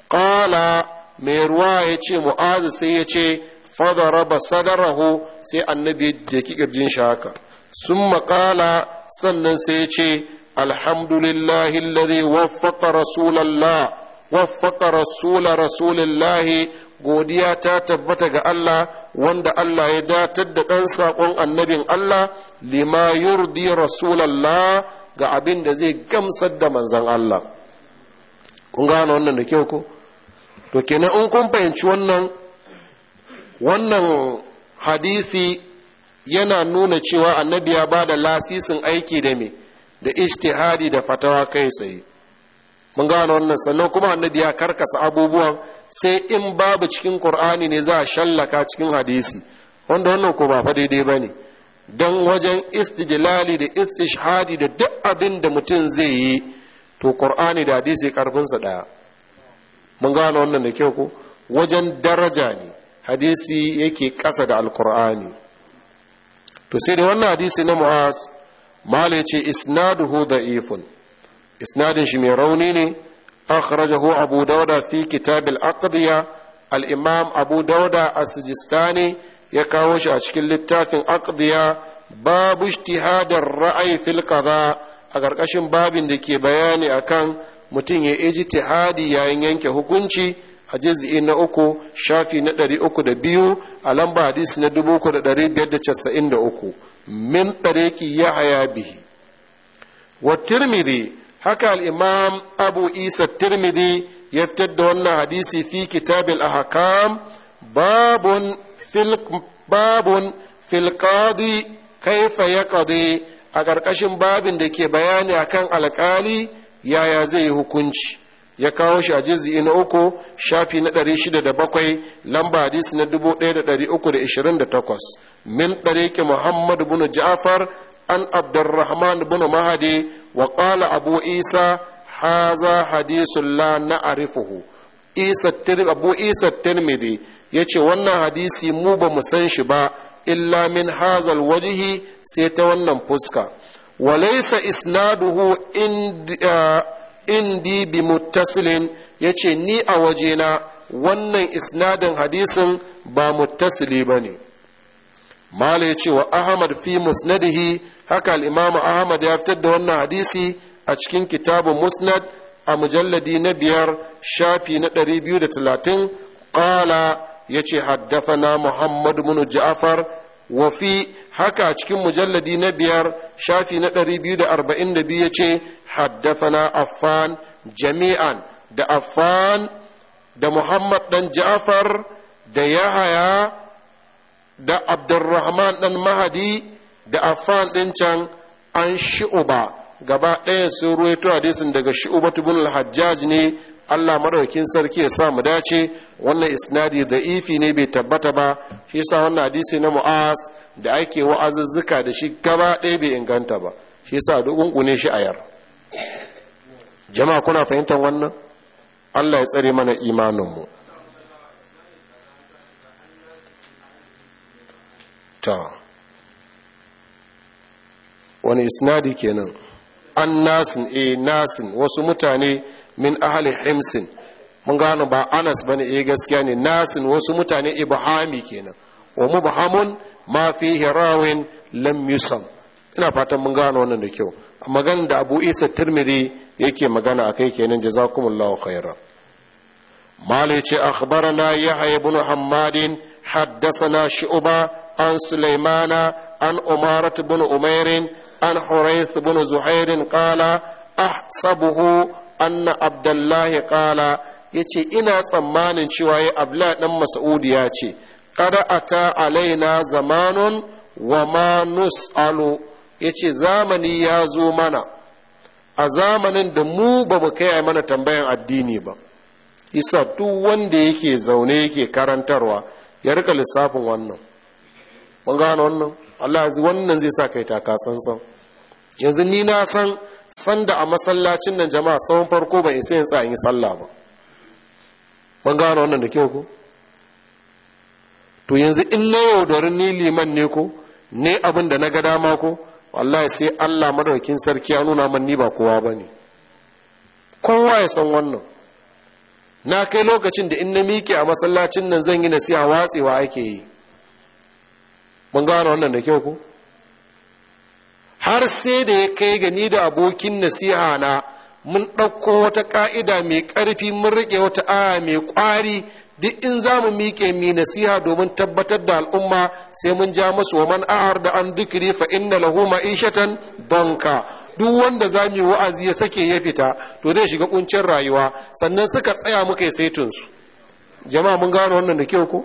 ƙala mai ruwa ya ce mu'azu sai ya ce fadara ba sadarahu sai annabi da kirjin shi haka sun maƙala sannan sai ya ce alhamdulillahi lalai waffaka rasulallah waffaka rasula rasulillahi godiya ta tabbata ga Allah wanda Allah ya datar da ɗan saƙon annabin Allah lima yurdi rasulallah ga abin da zai gamsar da manzan Allah kun gano wannan da kyau ko to kenan in kun fahimci wannan wannan hadisi yana nuna cewa annabi ya ba da lasisin aiki da me da ijtihadi da fatawa kai tsaye mun gano wannan sannan kuma annabi ya karkasa abubuwan sai in babu cikin qur'ani ne za a shallaka cikin hadisi wanda wannan ko ba fa daidai bane don wajen istidlali da istishhadi da duk abin da mutum zai yi to qur'ani da hadisi karfinsa ɗaya mun gane wannan da kyau ko wajen daraja ne hadisi yake ƙasa da alkur'ani to sai da wannan hadisi na mu'az malai ce isnaduhu da'ifun isnadin shi mai rauni ne akhrajahu abu dauda fi kitab al-aqdiya al-imam abu dauda as-sijistani ya kawo shi a cikin littafin aqdiya babu ijtihadar ra'ayi fil qada a ƙarƙashin babin da ke bayani akan mutum ya ijtihadi yayin yanke hukunci a juz'i na uku shafi na ɗari uku da biyu a lamba hadisi na dubu uku da ɗari biyar da casa'in da uku min ɗareki ya haya bihi wa tirmidhi haka al'imam abu isa tirmidhi ya fitar da wannan hadisi fi kitabil ahkam babun fil babun fil a ƙarƙashin babin da ke bayani akan alƙali yaya zai yi hukunci ya kawo shi a jizi na uku shafi na 607 lamba hadisi na 1328 min ɗariƙi muhammad bin ja'far an abdurrahman bin mahadi wa ƙala abu isa haza hadisun la na arifuhu abu isa tirmidhi ya ce wannan hadisi mu ba mu san shi ba illa min hazal wajihi sai ta wannan fuska walaisa isnaduhu ah, indi bi muttasilin ya ce ni a wajena wannan isnadin hadisin ba muttasili ba ne mala ya ce wa ahmad fi musnadihi haka al'imamu ahmad ya fitar da wannan hadisi a cikin kitabun musnad a mujalladi na biyar shafi na 230 kala. yace haddafana muhammad bin ja'far wa fi haka cikin mujalladi na biyar shafi na ɗari 242 yace haddafana affan jami'an da affan da muhammad dan ja'far da yahaya da abdurrahman dan mahadi da affan ɗin can an shi'uba gaba ɗaya sun ruwaito hadisin daga shi'ubatu bin al ne Allah madaukin sarki ya sa mu dace wannan isnadi da ifi ne bai tabbata ba shi yasa wannan hadisi na mu'az da ake wa'azuzzuka da shi gaba ɗaya bai inganta ba shi yasa ne shi yar jama'a kuna fahimtar wannan Allah ya tsare mana imaninmu ta wani isnadi kenan an nasin e nasin wasu mutane min ahli himsin mun gano ba anas bane eh gaskiya ne nasin wasu mutane ibhami kenan wa mubhamun ma fihi rawin lam yusam ina fatan mun gano wannan da kyau magana da Abu Isa Tirmidhi yake magana akai kenan jazakumullahu khairan مالي أخبرنا يحيى بن حماد حدثنا شعبة عن سليمان عن أمارة بن أمير عن حريث بن زهير قال أحسبه anna abdullahi ya yace ina tsammanin cewa ya abla dan Masudiya ya ce kada ta alaina zamanun wa ma nus'alu yace zamani ya zo mana a zamanin da mu ba mu kai mana tambayan addini ba isa duk wanda yake zaune yake karantarwa ya rika lissafin wannan mun gano wannan Allah yanzu wannan zai sa kai taka tsantsan yanzu ni na san sanda a masallacin nan jama'a tsawon farko bai isa yin tsayin sallah ba ban gano wannan da kyau ko to yanzu in na da ni liman ne ko ne abin da na ga dama ko wallahi sai allah madaukin sarki ya nuna man ni ba kowa ba ne kowa ya san wannan na kai lokacin da in na miƙe a masallacin nan zan yi nasiha watsewa ake yi mun gano wannan da kyau ko har sai da ya kai gani da abokin nasiha na mun ɗauko wata ƙa'ida mai ƙarfi mun riƙe wata aya mai ƙwari duk in za mu miƙe mai nasiha domin tabbatar da al'umma sai mun ja masu waman ahar da an dukiri fa inna lahu ma'ishatan banka duk wanda za mu yi wa'azi ya sake ya fita to zai shiga kuncin rayuwa sannan suka tsaya muka yi jama'a mun gano wannan da kyau ko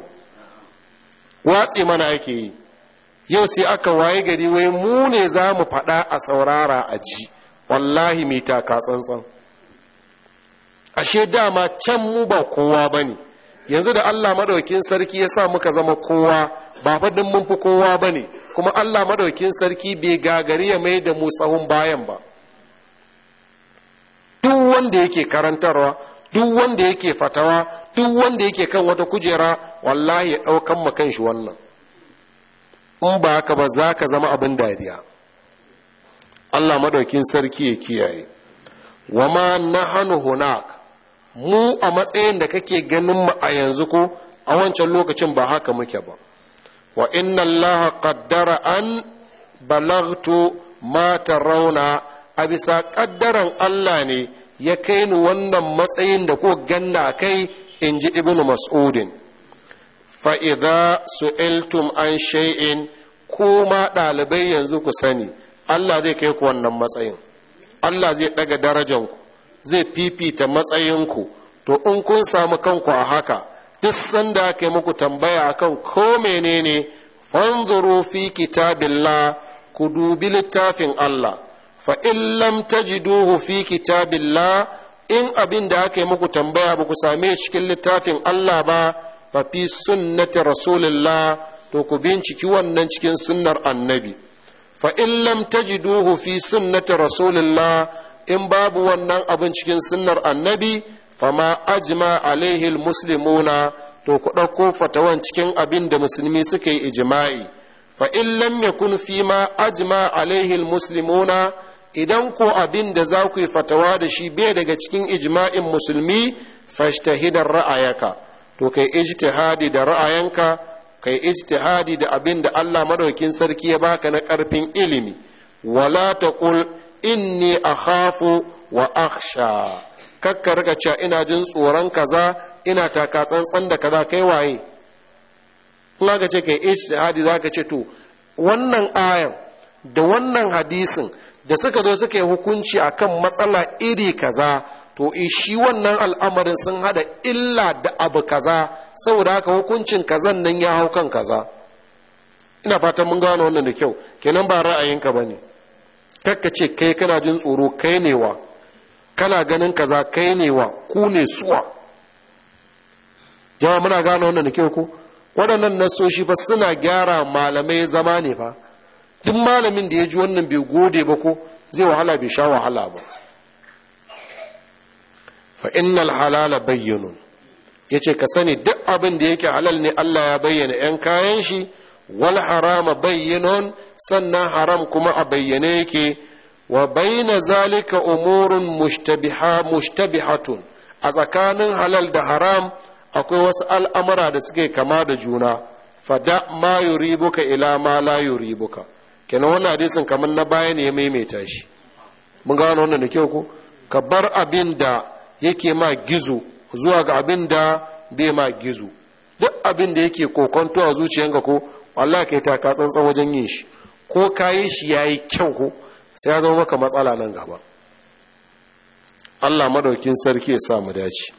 watsi mana ake yi yau sai aka waye gari wai mu ne za mu faɗa a saurara a ji wallahi mai taka tsantsan ashe dama can mu ba kowa ba ne yanzu da allah madaukin sarki ya sa muka zama kowa ba faɗin mun fi kowa ba ne kuma allah madaukin sarki bai gagari ya mai da mu tsahon bayan ba duk wanda yake karantarwa duk wanda yake fatawa duk wanda yake kan wata kujera wallahi ya ɗaukan ma kan shi wannan in ba haka ba za ka zama abin dariya allah maɗaukin sarki ya kiyaye wa ma na hannu hunak mu a matsayin da kake ganin mu a yanzu ko a wancan lokacin ba haka muke ba wa inna allaha qaddara an balagtu ma tarawna a bisa kaddaran allah ne ya kai ni wannan matsayin da ko ganna kai in ji ibnu mas'udin Fa'ida su iltum an shay'in kuma ɗalibai yanzu ku sani Allah zai kai ku wannan matsayin Allah zai ɗaga darajanku zai fifita matsayinku to in kun samu kanku a haka duk sanda aka muku tambaya akan ko menene fanzuru fi kitabillah ku dubi littafin Allah fa in lam tajiduhu fi kitabillah in abin da aka yi muku tambaya ba ku same cikin littafin Allah ba fa sunnati to ku binciki wannan cikin sunnar annabi fa in lam tajiduhu fi sunnati rasulillah in babu wannan abin cikin sunnar annabi ma ajma alaihi muslimuna to ku ɗauko fatawan cikin abin da musulmi suka yi ijima'i fa in lam yakun fi ma ajma alaihi muslimuna idan ko abin da za yi fatawa da shi bai daga cikin ijma'in musulmi fashtahidar ra'ayaka to kai ijtihadi da ra'ayanka kai ijtihadi da abin da Allah madaukakin sarki ya baka na karfin ilimi wala taqul inni akhafu wa akhsha kakka rika cewa ina jin tsoron kaza ina taka tsantsan da kaza kai waye in ce kai ijtihadi zaka ce to wannan ayan da wannan hadisin da suka zo suka yi hukunci akan matsala iri kaza to in eh, shi wannan al'amarin sun hada illa da abu kaza saboda haka hukuncin kazan nan ya hau kan kaza ina fatan mun gano wannan da kyau kenan ba ra'ayinka ba ne kakka ce kai kana jin tsoro kai ne wa kana ganin kaza kai ne wa ku ne suwa jama muna gano wannan da kyau ko waɗannan nasoshi ba suna gyara malamai zama ne fa duk malamin da ya ji wannan bai gode ba ko zai wahala bai sha wahala ba fa innal halala bayyinun yace ka sani duk abin da yake halal ne Allah ya bayyana yan kayan shi wal harama bayyinun sannan haram kuma a bayyane yake wa bayna zalika umurun mushtabiha mushtabihatun a tsakanin halal da haram akwai wasu al'amura da suke kama da juna da ma yuribuka ila ma la yuribuka kenan wannan hadisin kamar na baya ne ya maimaita shi mun gano wannan da kyau ko ka bar abin da yake ma gizo zuwa ga abin da bai ma gizo duk abin da yake kokonto a zuciyanka ko Allah kai ta ka tsantsan wajen yin shi ko ka yi shi yi kyau ko sai ya zama maka matsala nan gaba Allah madaukin sarki ya sa mu dace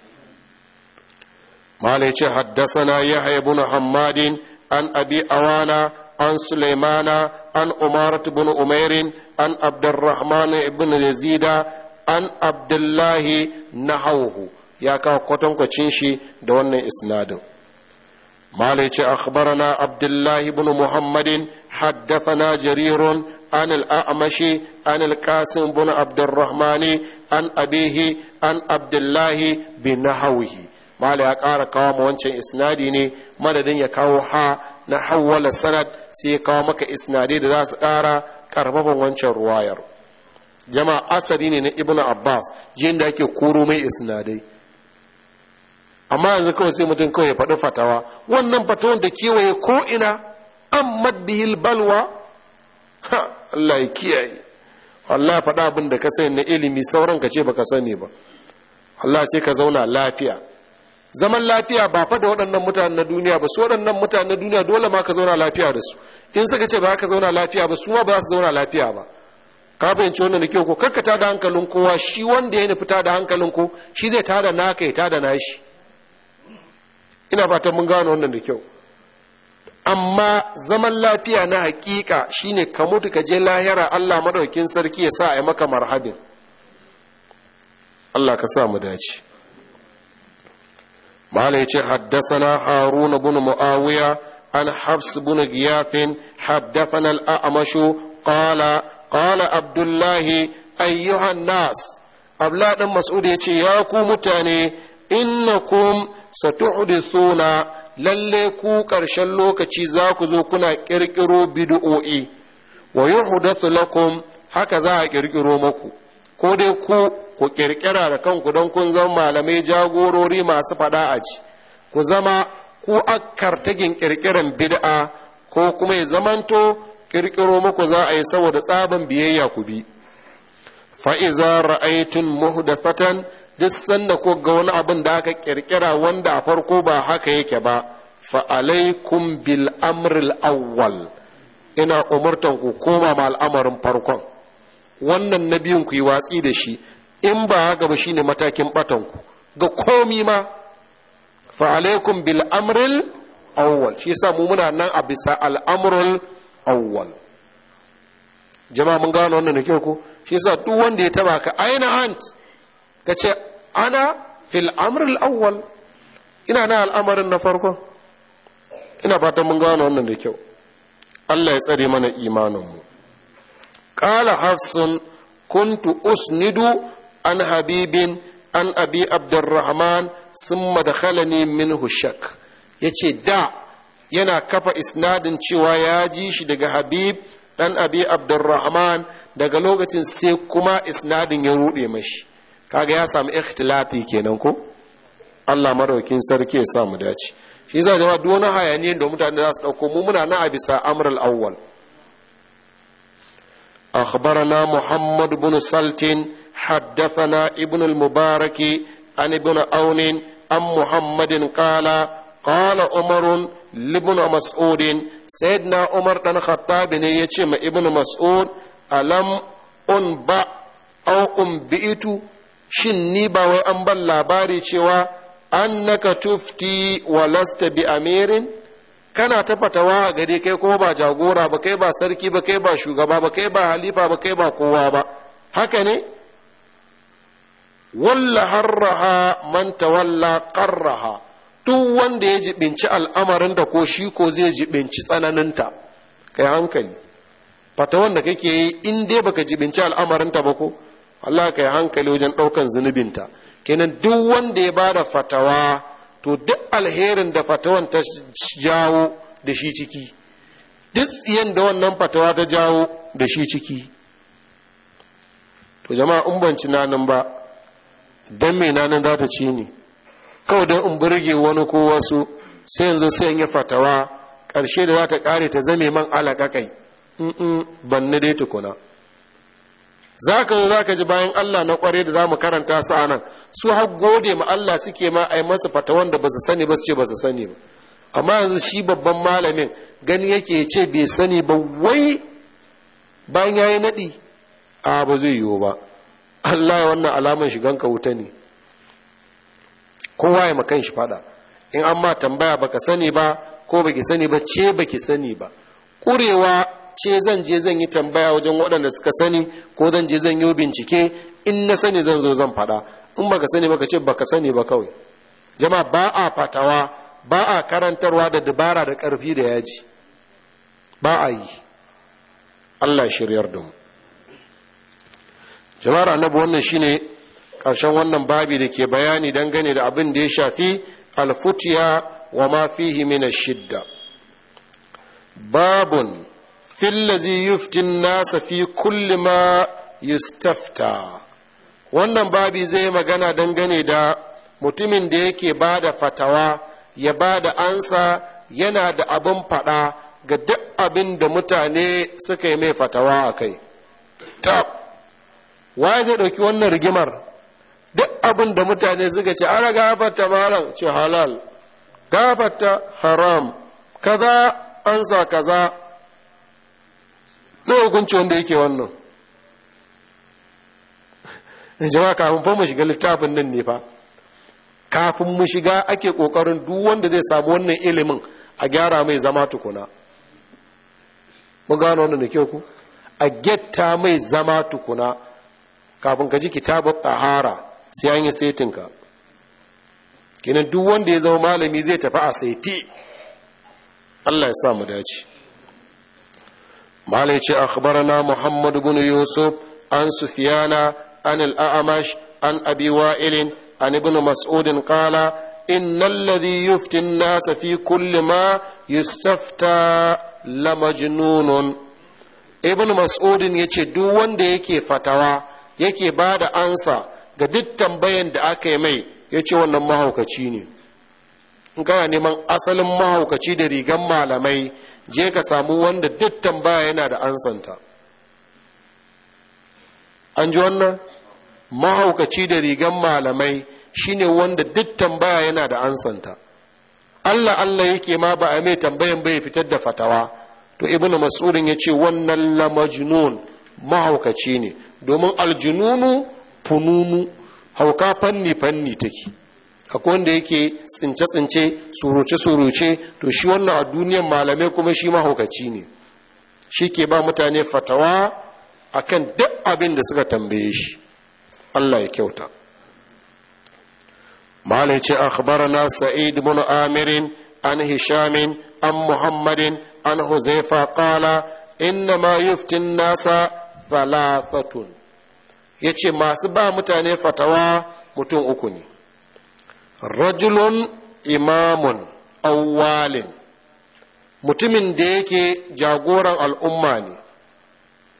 mala Haddasana, haddathana yahya ibn hammadin an abi awana an sulaimana an umarat bin umairin an abdurrahman ibn yazida an abdullahi na hauhu ya kawo kwatankwacin shi da wannan isnadin malai ce akhbarana abdullahi ibn muhammadin haddathana jarirun an al'amashi an alƙasin ibn abdurrahmani an abihi an abdullahi bin nahawihi malai ya ƙara kawo ma wancan isnadi ne madadin ya kawo ha na hawwala sanad sai ya kawo maka isnadai da za su ƙara ƙarfafan wancan ruwayar Jama'a asari ne na ibn abbas jin da ake koro mai isnadai amma yanzu kawai sai mutum kawai ya faɗi fatawa wannan fatawan da kewaye ko ina an madbihil balwa ha Allah ya kiyaye Allah ya faɗa abin da ka sani na ilimi sauran ka ce ba ka sani ba Allah sai ka zauna lafiya zaman lafiya ba fa da waɗannan mutanen na duniya ba su waɗannan mutanen na duniya dole ma ka zauna lafiya da su in suka ce ba ka zauna lafiya ba su ma ba za su zauna lafiya ba ka fahimci wannan da kyau ko karka tada hankalin kowa shi wanda ya nufi tada hankalin ko shi zai tada ka ya tada shi. ina fatan mun gano wannan da kyau amma zaman lafiya na hakika shine ka mutu ka je lahira Allah madaukin sarki ya sa a yi maka marhabin Allah ka sa mu dace mala ce haddasana Haruna bin muawiya an habs bin giyafin haddathana al-a'mashu qala qala abdullahi ayyuhan nas ɗan dan mas'ud yace ya ku mutane innakum satuhdithuna lalle ku ƙarshen lokaci za ku zo kuna ƙirƙiro bid'o'i wa yuhdathu lakum haka za a ƙirƙiro maku ko dai ku ku ƙirƙira da kanku don kun zama malamai jagorori masu faɗa a ci, ku zama ku akkartagin ƙirƙirar bid'a ko kuma ya zamanto kirkiro muku za a yi saboda tsaban biyayya ku bi fa'iza ra'aitun muhdathatan duk sanda ko ga wani abin da aka ƙirƙira wanda a farko ba haka yake ba fa alaikum bil amril awwal ina umurtan ku koma ma al'amarin farkon wannan na biyun ku yi watsi da shi in ba haka ba shine matakin batan ku ga komi ma fa alaikum bil amril awwal shi sa mu muna nan a bisa al'amrul awwal jama'a mun gano wannan da kyau ko shi yasa duk wanda ya taba ka aina ant ka ce ana fil amr al awwal ina na al'amarin na farko ina fatan mun gano wannan da kyau Allah ya tsare mana imanin mu qala hafsun kuntu usnidu an habibin an abi abdurrahman summa dakhalani minhu shak yace da yana kafa isnadin cewa ya ji shi daga habib dan abi abdurrahman daga lokacin sai kuma isnadin ya rude mashi kaga ya samu ikhtilafi kenan ko Allah maraukin sarki ya samu dace shi yasa jama'a duk wani hayaniyar da mutane za su dauko mu muna na a bisa amrul awwal أخبرنا محمد بن سلت حدثنا ابن المبارك عن ابن أون عن محمد قال قال عمر ibn mas'udin sayyidina umar dan khattab ne ya ce ma ibn mas'ud alam un ba au un bi'itu shin ni ba wai an ban labari cewa annaka tufti wa lasta bi amirin kana tafatawa a gare kai ko ba jagora ba kai ba sarki ba kai ba shugaba ba kai ba halifa ba kai ba kowa ba haka ne walla harraha man tawalla qarraha duk wanda ya jibinci al'amarin da ko shi ko zai jibinci tsananinta kai hankali fata wanda kake yi in dai baka jibinci al'amarinta ba ko Allah kai hankali wajen ɗaukan zunubinta kenan duk wanda ya bada fatawa to duk alherin da fatawan ta jawo da shi ciki duk tsiyan da wannan fatawa ta jawo da shi ciki to jama'a in ban ci nanin ba don mai nanin za ta ci ne kawai don in burge wani ko wasu sai yanzu sai yin fatawa ƙarshe da za ta ƙare ta zame man alaƙa kai in ban ni dai tukuna za ka zo za ka ji bayan Allah na ƙware da za mu karanta su a nan su har gode ma Allah suke ma a yi masa fatawan da ba su sani ba su ce ba su sani ba amma yanzu shi babban malamin gani yake ce bai sani ba wai bayan ya yi naɗi a ba zai yiwu ba Allah ya wannan alamar shigan ka wuta ne kowa ya makan shi fada in an ma tambaya baka sani ba ko baki sani ba ce baki sani ba Kurewa ce zan je zan yi tambaya wajen waɗanda suka sani ko zan je zan yi bincike in na sani zan zo zan faɗa in baka sani baka ce baka sani ba kawai jama'a ba a fatawa ba a karantarwa da dabara da ƙarfi da yaji ba a yi Allah shiryar da mu jama'ar annabi wannan shine ƙarshen wannan babi da ke bayani dangane da abin da ya shafi alfutiya wa ma fihi shidda babun fillazi yuftin nasa fi kulli ma yustafta wannan babi zai magana dangane da mutumin da yake ba da fatawa ya ba da ansa yana da abin faɗa ga duk abin da mutane suka yi mai fatawa a kai ta waye zai ɗauki wannan rigimar duk abin da mutane suka ce ana gafarta malam ce halal gafarta haram kaza an sa kaza na hukunci wanda yake wannan In jama'a kafin fa mu shiga littafin nan ne fa kafin mu shiga ake kokarin duk wanda zai samu wannan ilimin a gyara mai zama tukuna mun gano wannan da kyau ku a getta mai zama tukuna kafin ka ji kitabar tsahara sai an yi saitinka, kinan duk wanda ya zama malami zai tafi a saiti Allah ya sa mu dace malai ce akhbarana muhammadu ibn yusuf an sufyana an al'amash an abi wa'il an ibn mas'udin qala innal ladhi yufti an-nas fi kulli ma yustafta la majnunun ibn yace duk wanda yake fatawa yake bada ansa ga duk tambayan da aka yi mai ya ce wannan mahaukaci ne in kana neman asalin mahaukaci da rigan malamai je ka samu wanda duk tambaya yana da ansanta an ji wannan mahaukaci da rigan malamai shine wanda duk tambaya yana da ansanta Allah Allah yake ma ba a mai tambayan bai fitar da fatawa to ibnu mas'udin ce wannan la mahaukaci ne domin aljununu fununu hauka fanni fanni take akwai wanda yake tsince-tsince suruce-suruce to shi wannan a duniyar malamai kuma shi mahaukaci ne shi ke ba mutane fatawa a kan duk abin da suka tambaye shi allah ya kyauta malai ce Na, sa'id bin amirin an hishamin an muhammadin an huzaifa kala inna ma yuftin nasa falafatun ya ce masu ba mutane fatawa mutum uku ne rajulun imamun awwalin mutumin da yake jagoran al'umma ne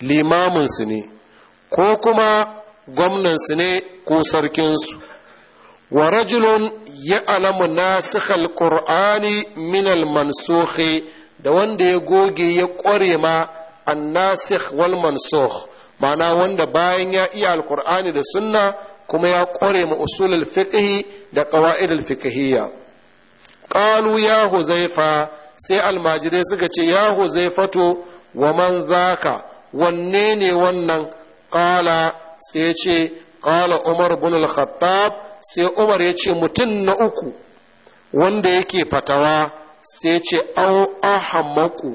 limaminsu ne ko kuma gwamnansu ne ko sarkinsu wa rajulun ya alamu nasikhal qur'ani min al da wanda ya goge ya ƙware ma an-nasikh wal mansukh ma'ana wanda bayan ya iya alkur'ani da sunna kuma ya kware ma usul alfiqhi da qawaid fiqhiyya qalu ya huzaifa sai almajirai suka ce ya huzaifatu wa man zaka wanne ne wannan qala sai ce qala umar bin al-khattab sai umar ya ce mutum na uku wanda yake fatawa sai ce au ahamaku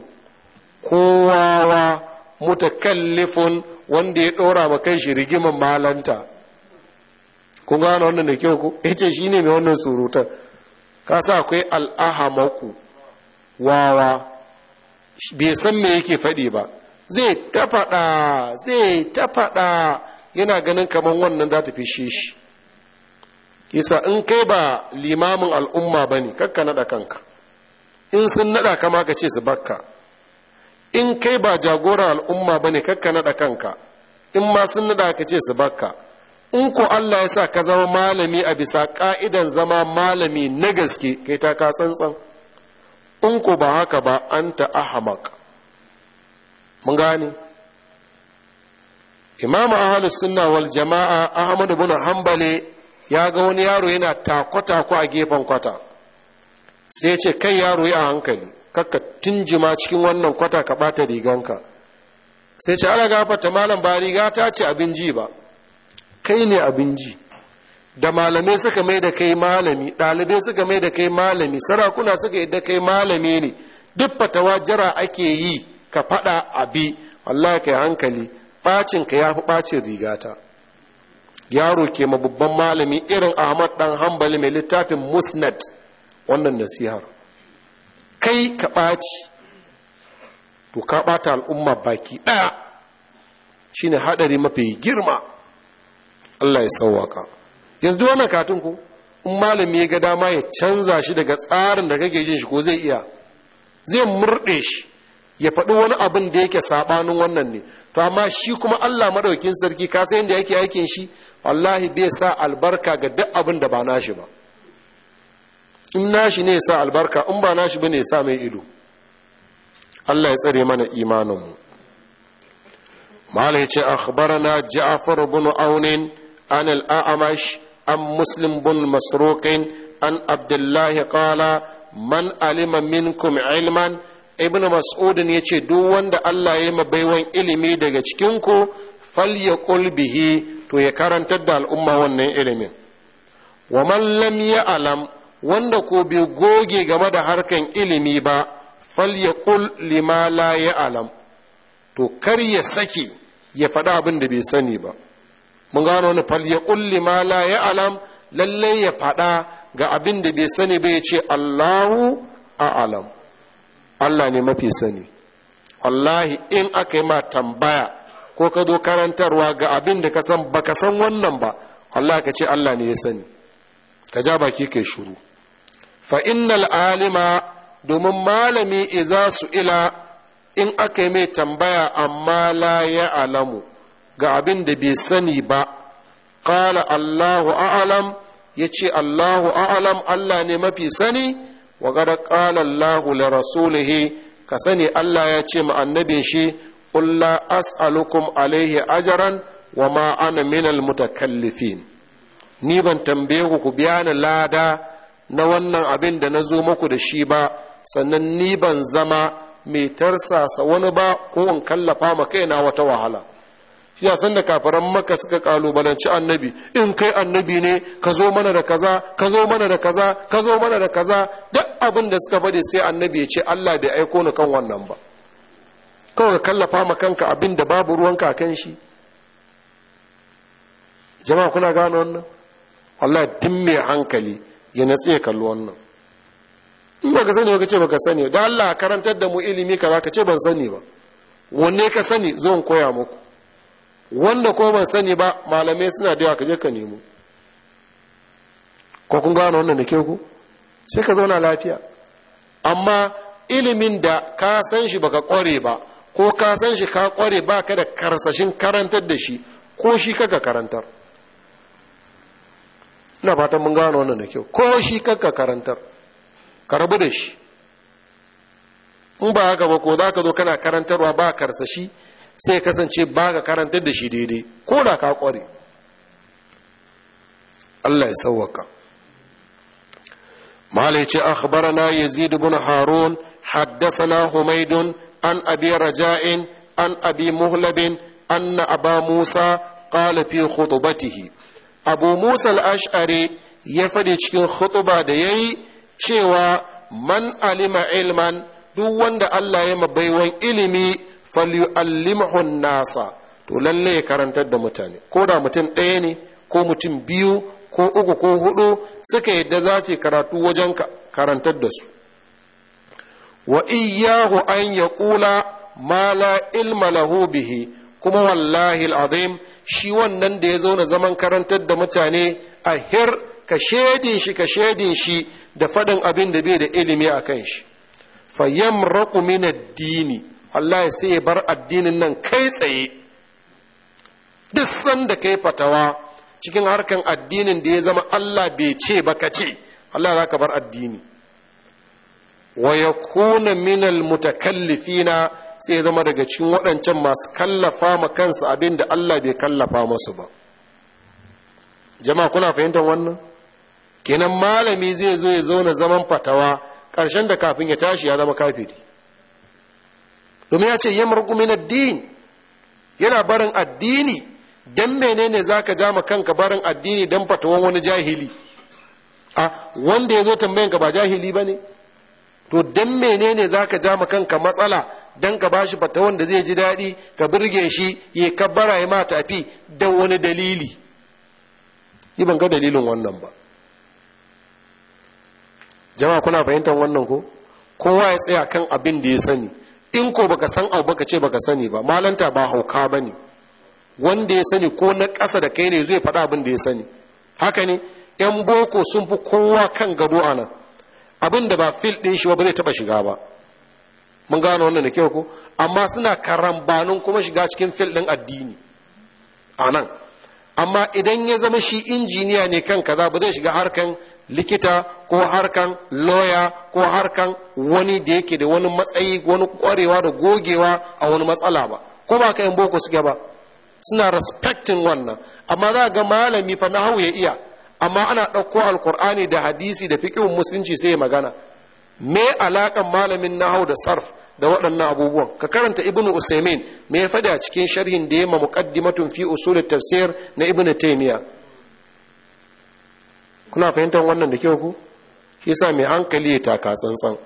kowawa mutakallifun wanda ya ɗora ma kai shi rigiman malanta kun gano wannan da kyau ku ya ce shi ne mai wannan surutan ka sa akwai al'ahamaku wawa bai san me yake faɗi ba zai ta faɗa zai ta faɗa yana ganin kamar wannan za ta fishe shi isa in kai ba limamin al'umma ba ne kakka naɗa kanka in sun naɗa kama ka ce su bakka in kai ba jagoran al'umma ba ne kakka naɗa kanka in ma sun naɗa ka ce su bakka in ko allah ya sa ka zama malami a bisa ƙa'idan zama malami na gaske kai ta ka tsantsan in ko ba haka ba an ta ahamak mun gane imam ahalus sunna wal jama'a ahmad ibn hanbali ya ga wani yaro yana takwa-takwa a gefen kwata sai ce kai yaro a hankali kakka tunjima cikin wannan kwata ka bata riganka sai ce ana gafarta malam ba riga ta ce abin ji ba kai ne abin ji da malamai suka mai da kai malami ɗalibai suka mai da kai malami sarakuna suka da kai malami ne duk fatawa jira ake yi ka faɗa abi ka kai hankali bacin ka ya fi bacin rigata yaro ke mabubban malami irin ahmad dan hambali mai littafin musnad wannan nasihar kai ka ɓaci to ka ɓata al'umma baki ɗaya shine ne haɗari mafi girma Allah ya sauwaka yanzu wannan katin ku in malami ya ga dama ya canza shi daga tsarin da kake jin shi ko zai iya zai murɗe shi ya faɗi wani abin da yake saɓanin wannan ne to amma shi kuma Allah maɗaukin sarki ka san yadda yake aikin shi wallahi bai sa albarka ga duk abin da ba nashi ba in nashi ne sa albarka in ba nashi bane sa mai ido Allah ya tsare mana imaninmu malai ce akhbarana ja'far ibn aunin an al-a'mash an muslim bin Masrokin, an abdullahi qala man alima minkum ilman ibn mas'ud yace duk wanda Allah ya yi baiwan ilimi daga cikin ku falyaqul bihi to ya karantar da al'umma wannan ilimin wa man lam ya'lam wanda ko bai goge game da harkan ilimi ba fal ya kul lima la alam to kar ya sake ya faɗa abin da bai sani ba mun gano wani fal ya kul lima la alam lalle ya faɗa ga abin da bai sani ba ya ce Allahu a'lam Allah ne mafi sani wallahi in aka yi ma tambaya ko ka zo karantarwa ga abin da ka san baka san wannan ba Allah ka ce Allah ne ya sani ka ja baki kai shuru fa innal alima domin malami iza su ila in aka yi mai tambaya amma la ya alamu ga abin da bai sani ba qala allahu a'lam ya ce allahu a'lam allah ne mafi sani wa gada qala allahu li rasulihi ka sani allah ya ce ma annabin shi qul la as'alukum alaihi ajaran wa ma ana minal mutakallifin ni ban tambaye ku ku biya ni lada na wannan abin da na zo muku da shi ba sannan ni ban zama mai tarsasa wani ba ko in kallafa ma kaina wata wahala shi ya san da kafaran maka suka kalubalanci annabi in kai annabi ne ka zo mana da kaza ka zo mana da kaza ka zo mana da kaza duk abin da suka faɗi sai annabi ya ce Allah bai aiko ni kan wannan ba kawai ka kallafa ma kanka abin da babu ruwanka kan shi jama'a kuna gano wannan wallahi duk mai hankali ya natsi ya kalli wannan in ba ka sani ba ce ba ka sani da Allah karantar da mu ilimi ka ba ka ce ban sani ba wanne ka sani zo in koya muku wanda ko ban sani ba malamai suna da yawa ka je ka nemo ko kun gano wannan da ke ku sai ka zauna lafiya amma ilimin da ka san shi baka kware ba ko ka san shi ka kware ba ka da karsashin karantar da shi ko shi kaka karantar ina fatan mun gano wannan da kyau ko shi kakka karantar ka rabu da shi in ba haka ba ko za ka zo kana karantarwa ba karsashi sai kasance ba ka karantar da shi daidai ko da ka kware Allah ya sauwaka malai ce akhbarana yazid ibn harun Haddasa na humaydun an abi raja'in an abi muhlabin anna aba musa qala fi khutbatihi abu musa al'ash'ari ya faɗi cikin khutuba da ya yi cewa man alima ilman duk wanda allah ya mabaiwan ilimi falyu'allimhun nasa to lalle ya karantar da mutane ko da mutum ɗaya ne ko mutum biyu ko uku ko hudu suka yadda za su karatu wajen karantar da su wa iyyahu an ya ƙula ma la ilma lahu bihi kuma wallahi al'azim shi wannan da ya zauna zaman karantar da mutane a hir ka shaidin shi ka shaidin shi da faɗin abin da bai da ilimi a kan shi fayyam min addini ya sai ya bar addinin nan kai tsaye duk sanda kai fatawa cikin harkan addinin da ya zama Allah bai ce ba ka ce Allah za ka bar addini wa yakuna minal mutakallifina sai zama daga cikin waɗancan masu kallafa ma kansu abin da Allah bai kallafa masu ba jama'a kuna fahimtar wannan kenan malami zai zo ya zauna zaman fatawa ƙarshen da kafin ya tashi ya zama kafiri domin ya ce yamar min addini. yana barin addini don menene za ka jama kanka barin addini don fatawan wani jahili a wanda ya zo tambayin ka ba jahili ba ne to don menene za ka jama kanka matsala don ka ba shi fata wanda zai ji daɗi ka birge shi ya kabbara ya ma tafi don wani dalili yi ban ga dalilin wannan ba jama'a kuna fahimtar wannan ko kowa ya tsaya kan abin da ya sani in ko baka san abu baka ce baka sani ba malanta ba hauka ba ne wanda ya sani ko na ƙasa da kai ne zai faɗa abin da ya sani haka ne yan boko sun fi kowa kan gado a nan abin da ba fil ɗin shi ba zai taɓa shiga ba mun gano wannan da kyau ko amma suna karambanin kuma shiga cikin fil ɗin addini a nan amma idan ya zama shi injiniya ne kan kaza ba zai shiga harkan likita ko harkan lawyer ko harkan wani da yake da wani matsayi wani kwarewa da gogewa a wani matsala ba ko ba ka yin boko suke ba suna respecting wannan amma za ga malami fa na ya iya amma ana ɗauko alkur'ani da hadisi da fiƙin musulunci sai ya magana me alaƙan malamin nahau da sarf da waɗannan abubuwan ka karanta ibnu usaimin me ya faɗi a cikin sharhin da ya ma muqaddimatun fi usul tafsir na ibnu taymiya kuna fahimtar wannan da kyau ku shi yasa mai hankali ya taka tsantsan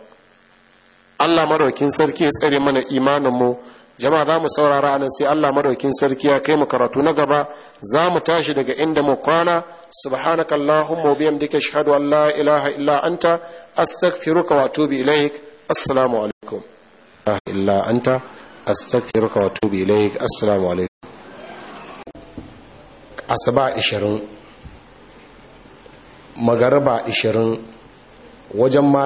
Allah maraukin sarki ya tsare mana imanin mu jama'a za mu saurara a nan sai Allah madaukin sarki ya kai mu karatu na gaba za mu tashi daga inda mu kwana subhanaka allahumma wa bihamdika ashhadu an la ilaha illa anta astaghfiruka wa atubu ilaik assalamu alaikum la illa anta astaghfiruka wa atubu ilaik assalamu alaikum asaba 20 magaraba 20 wajen ma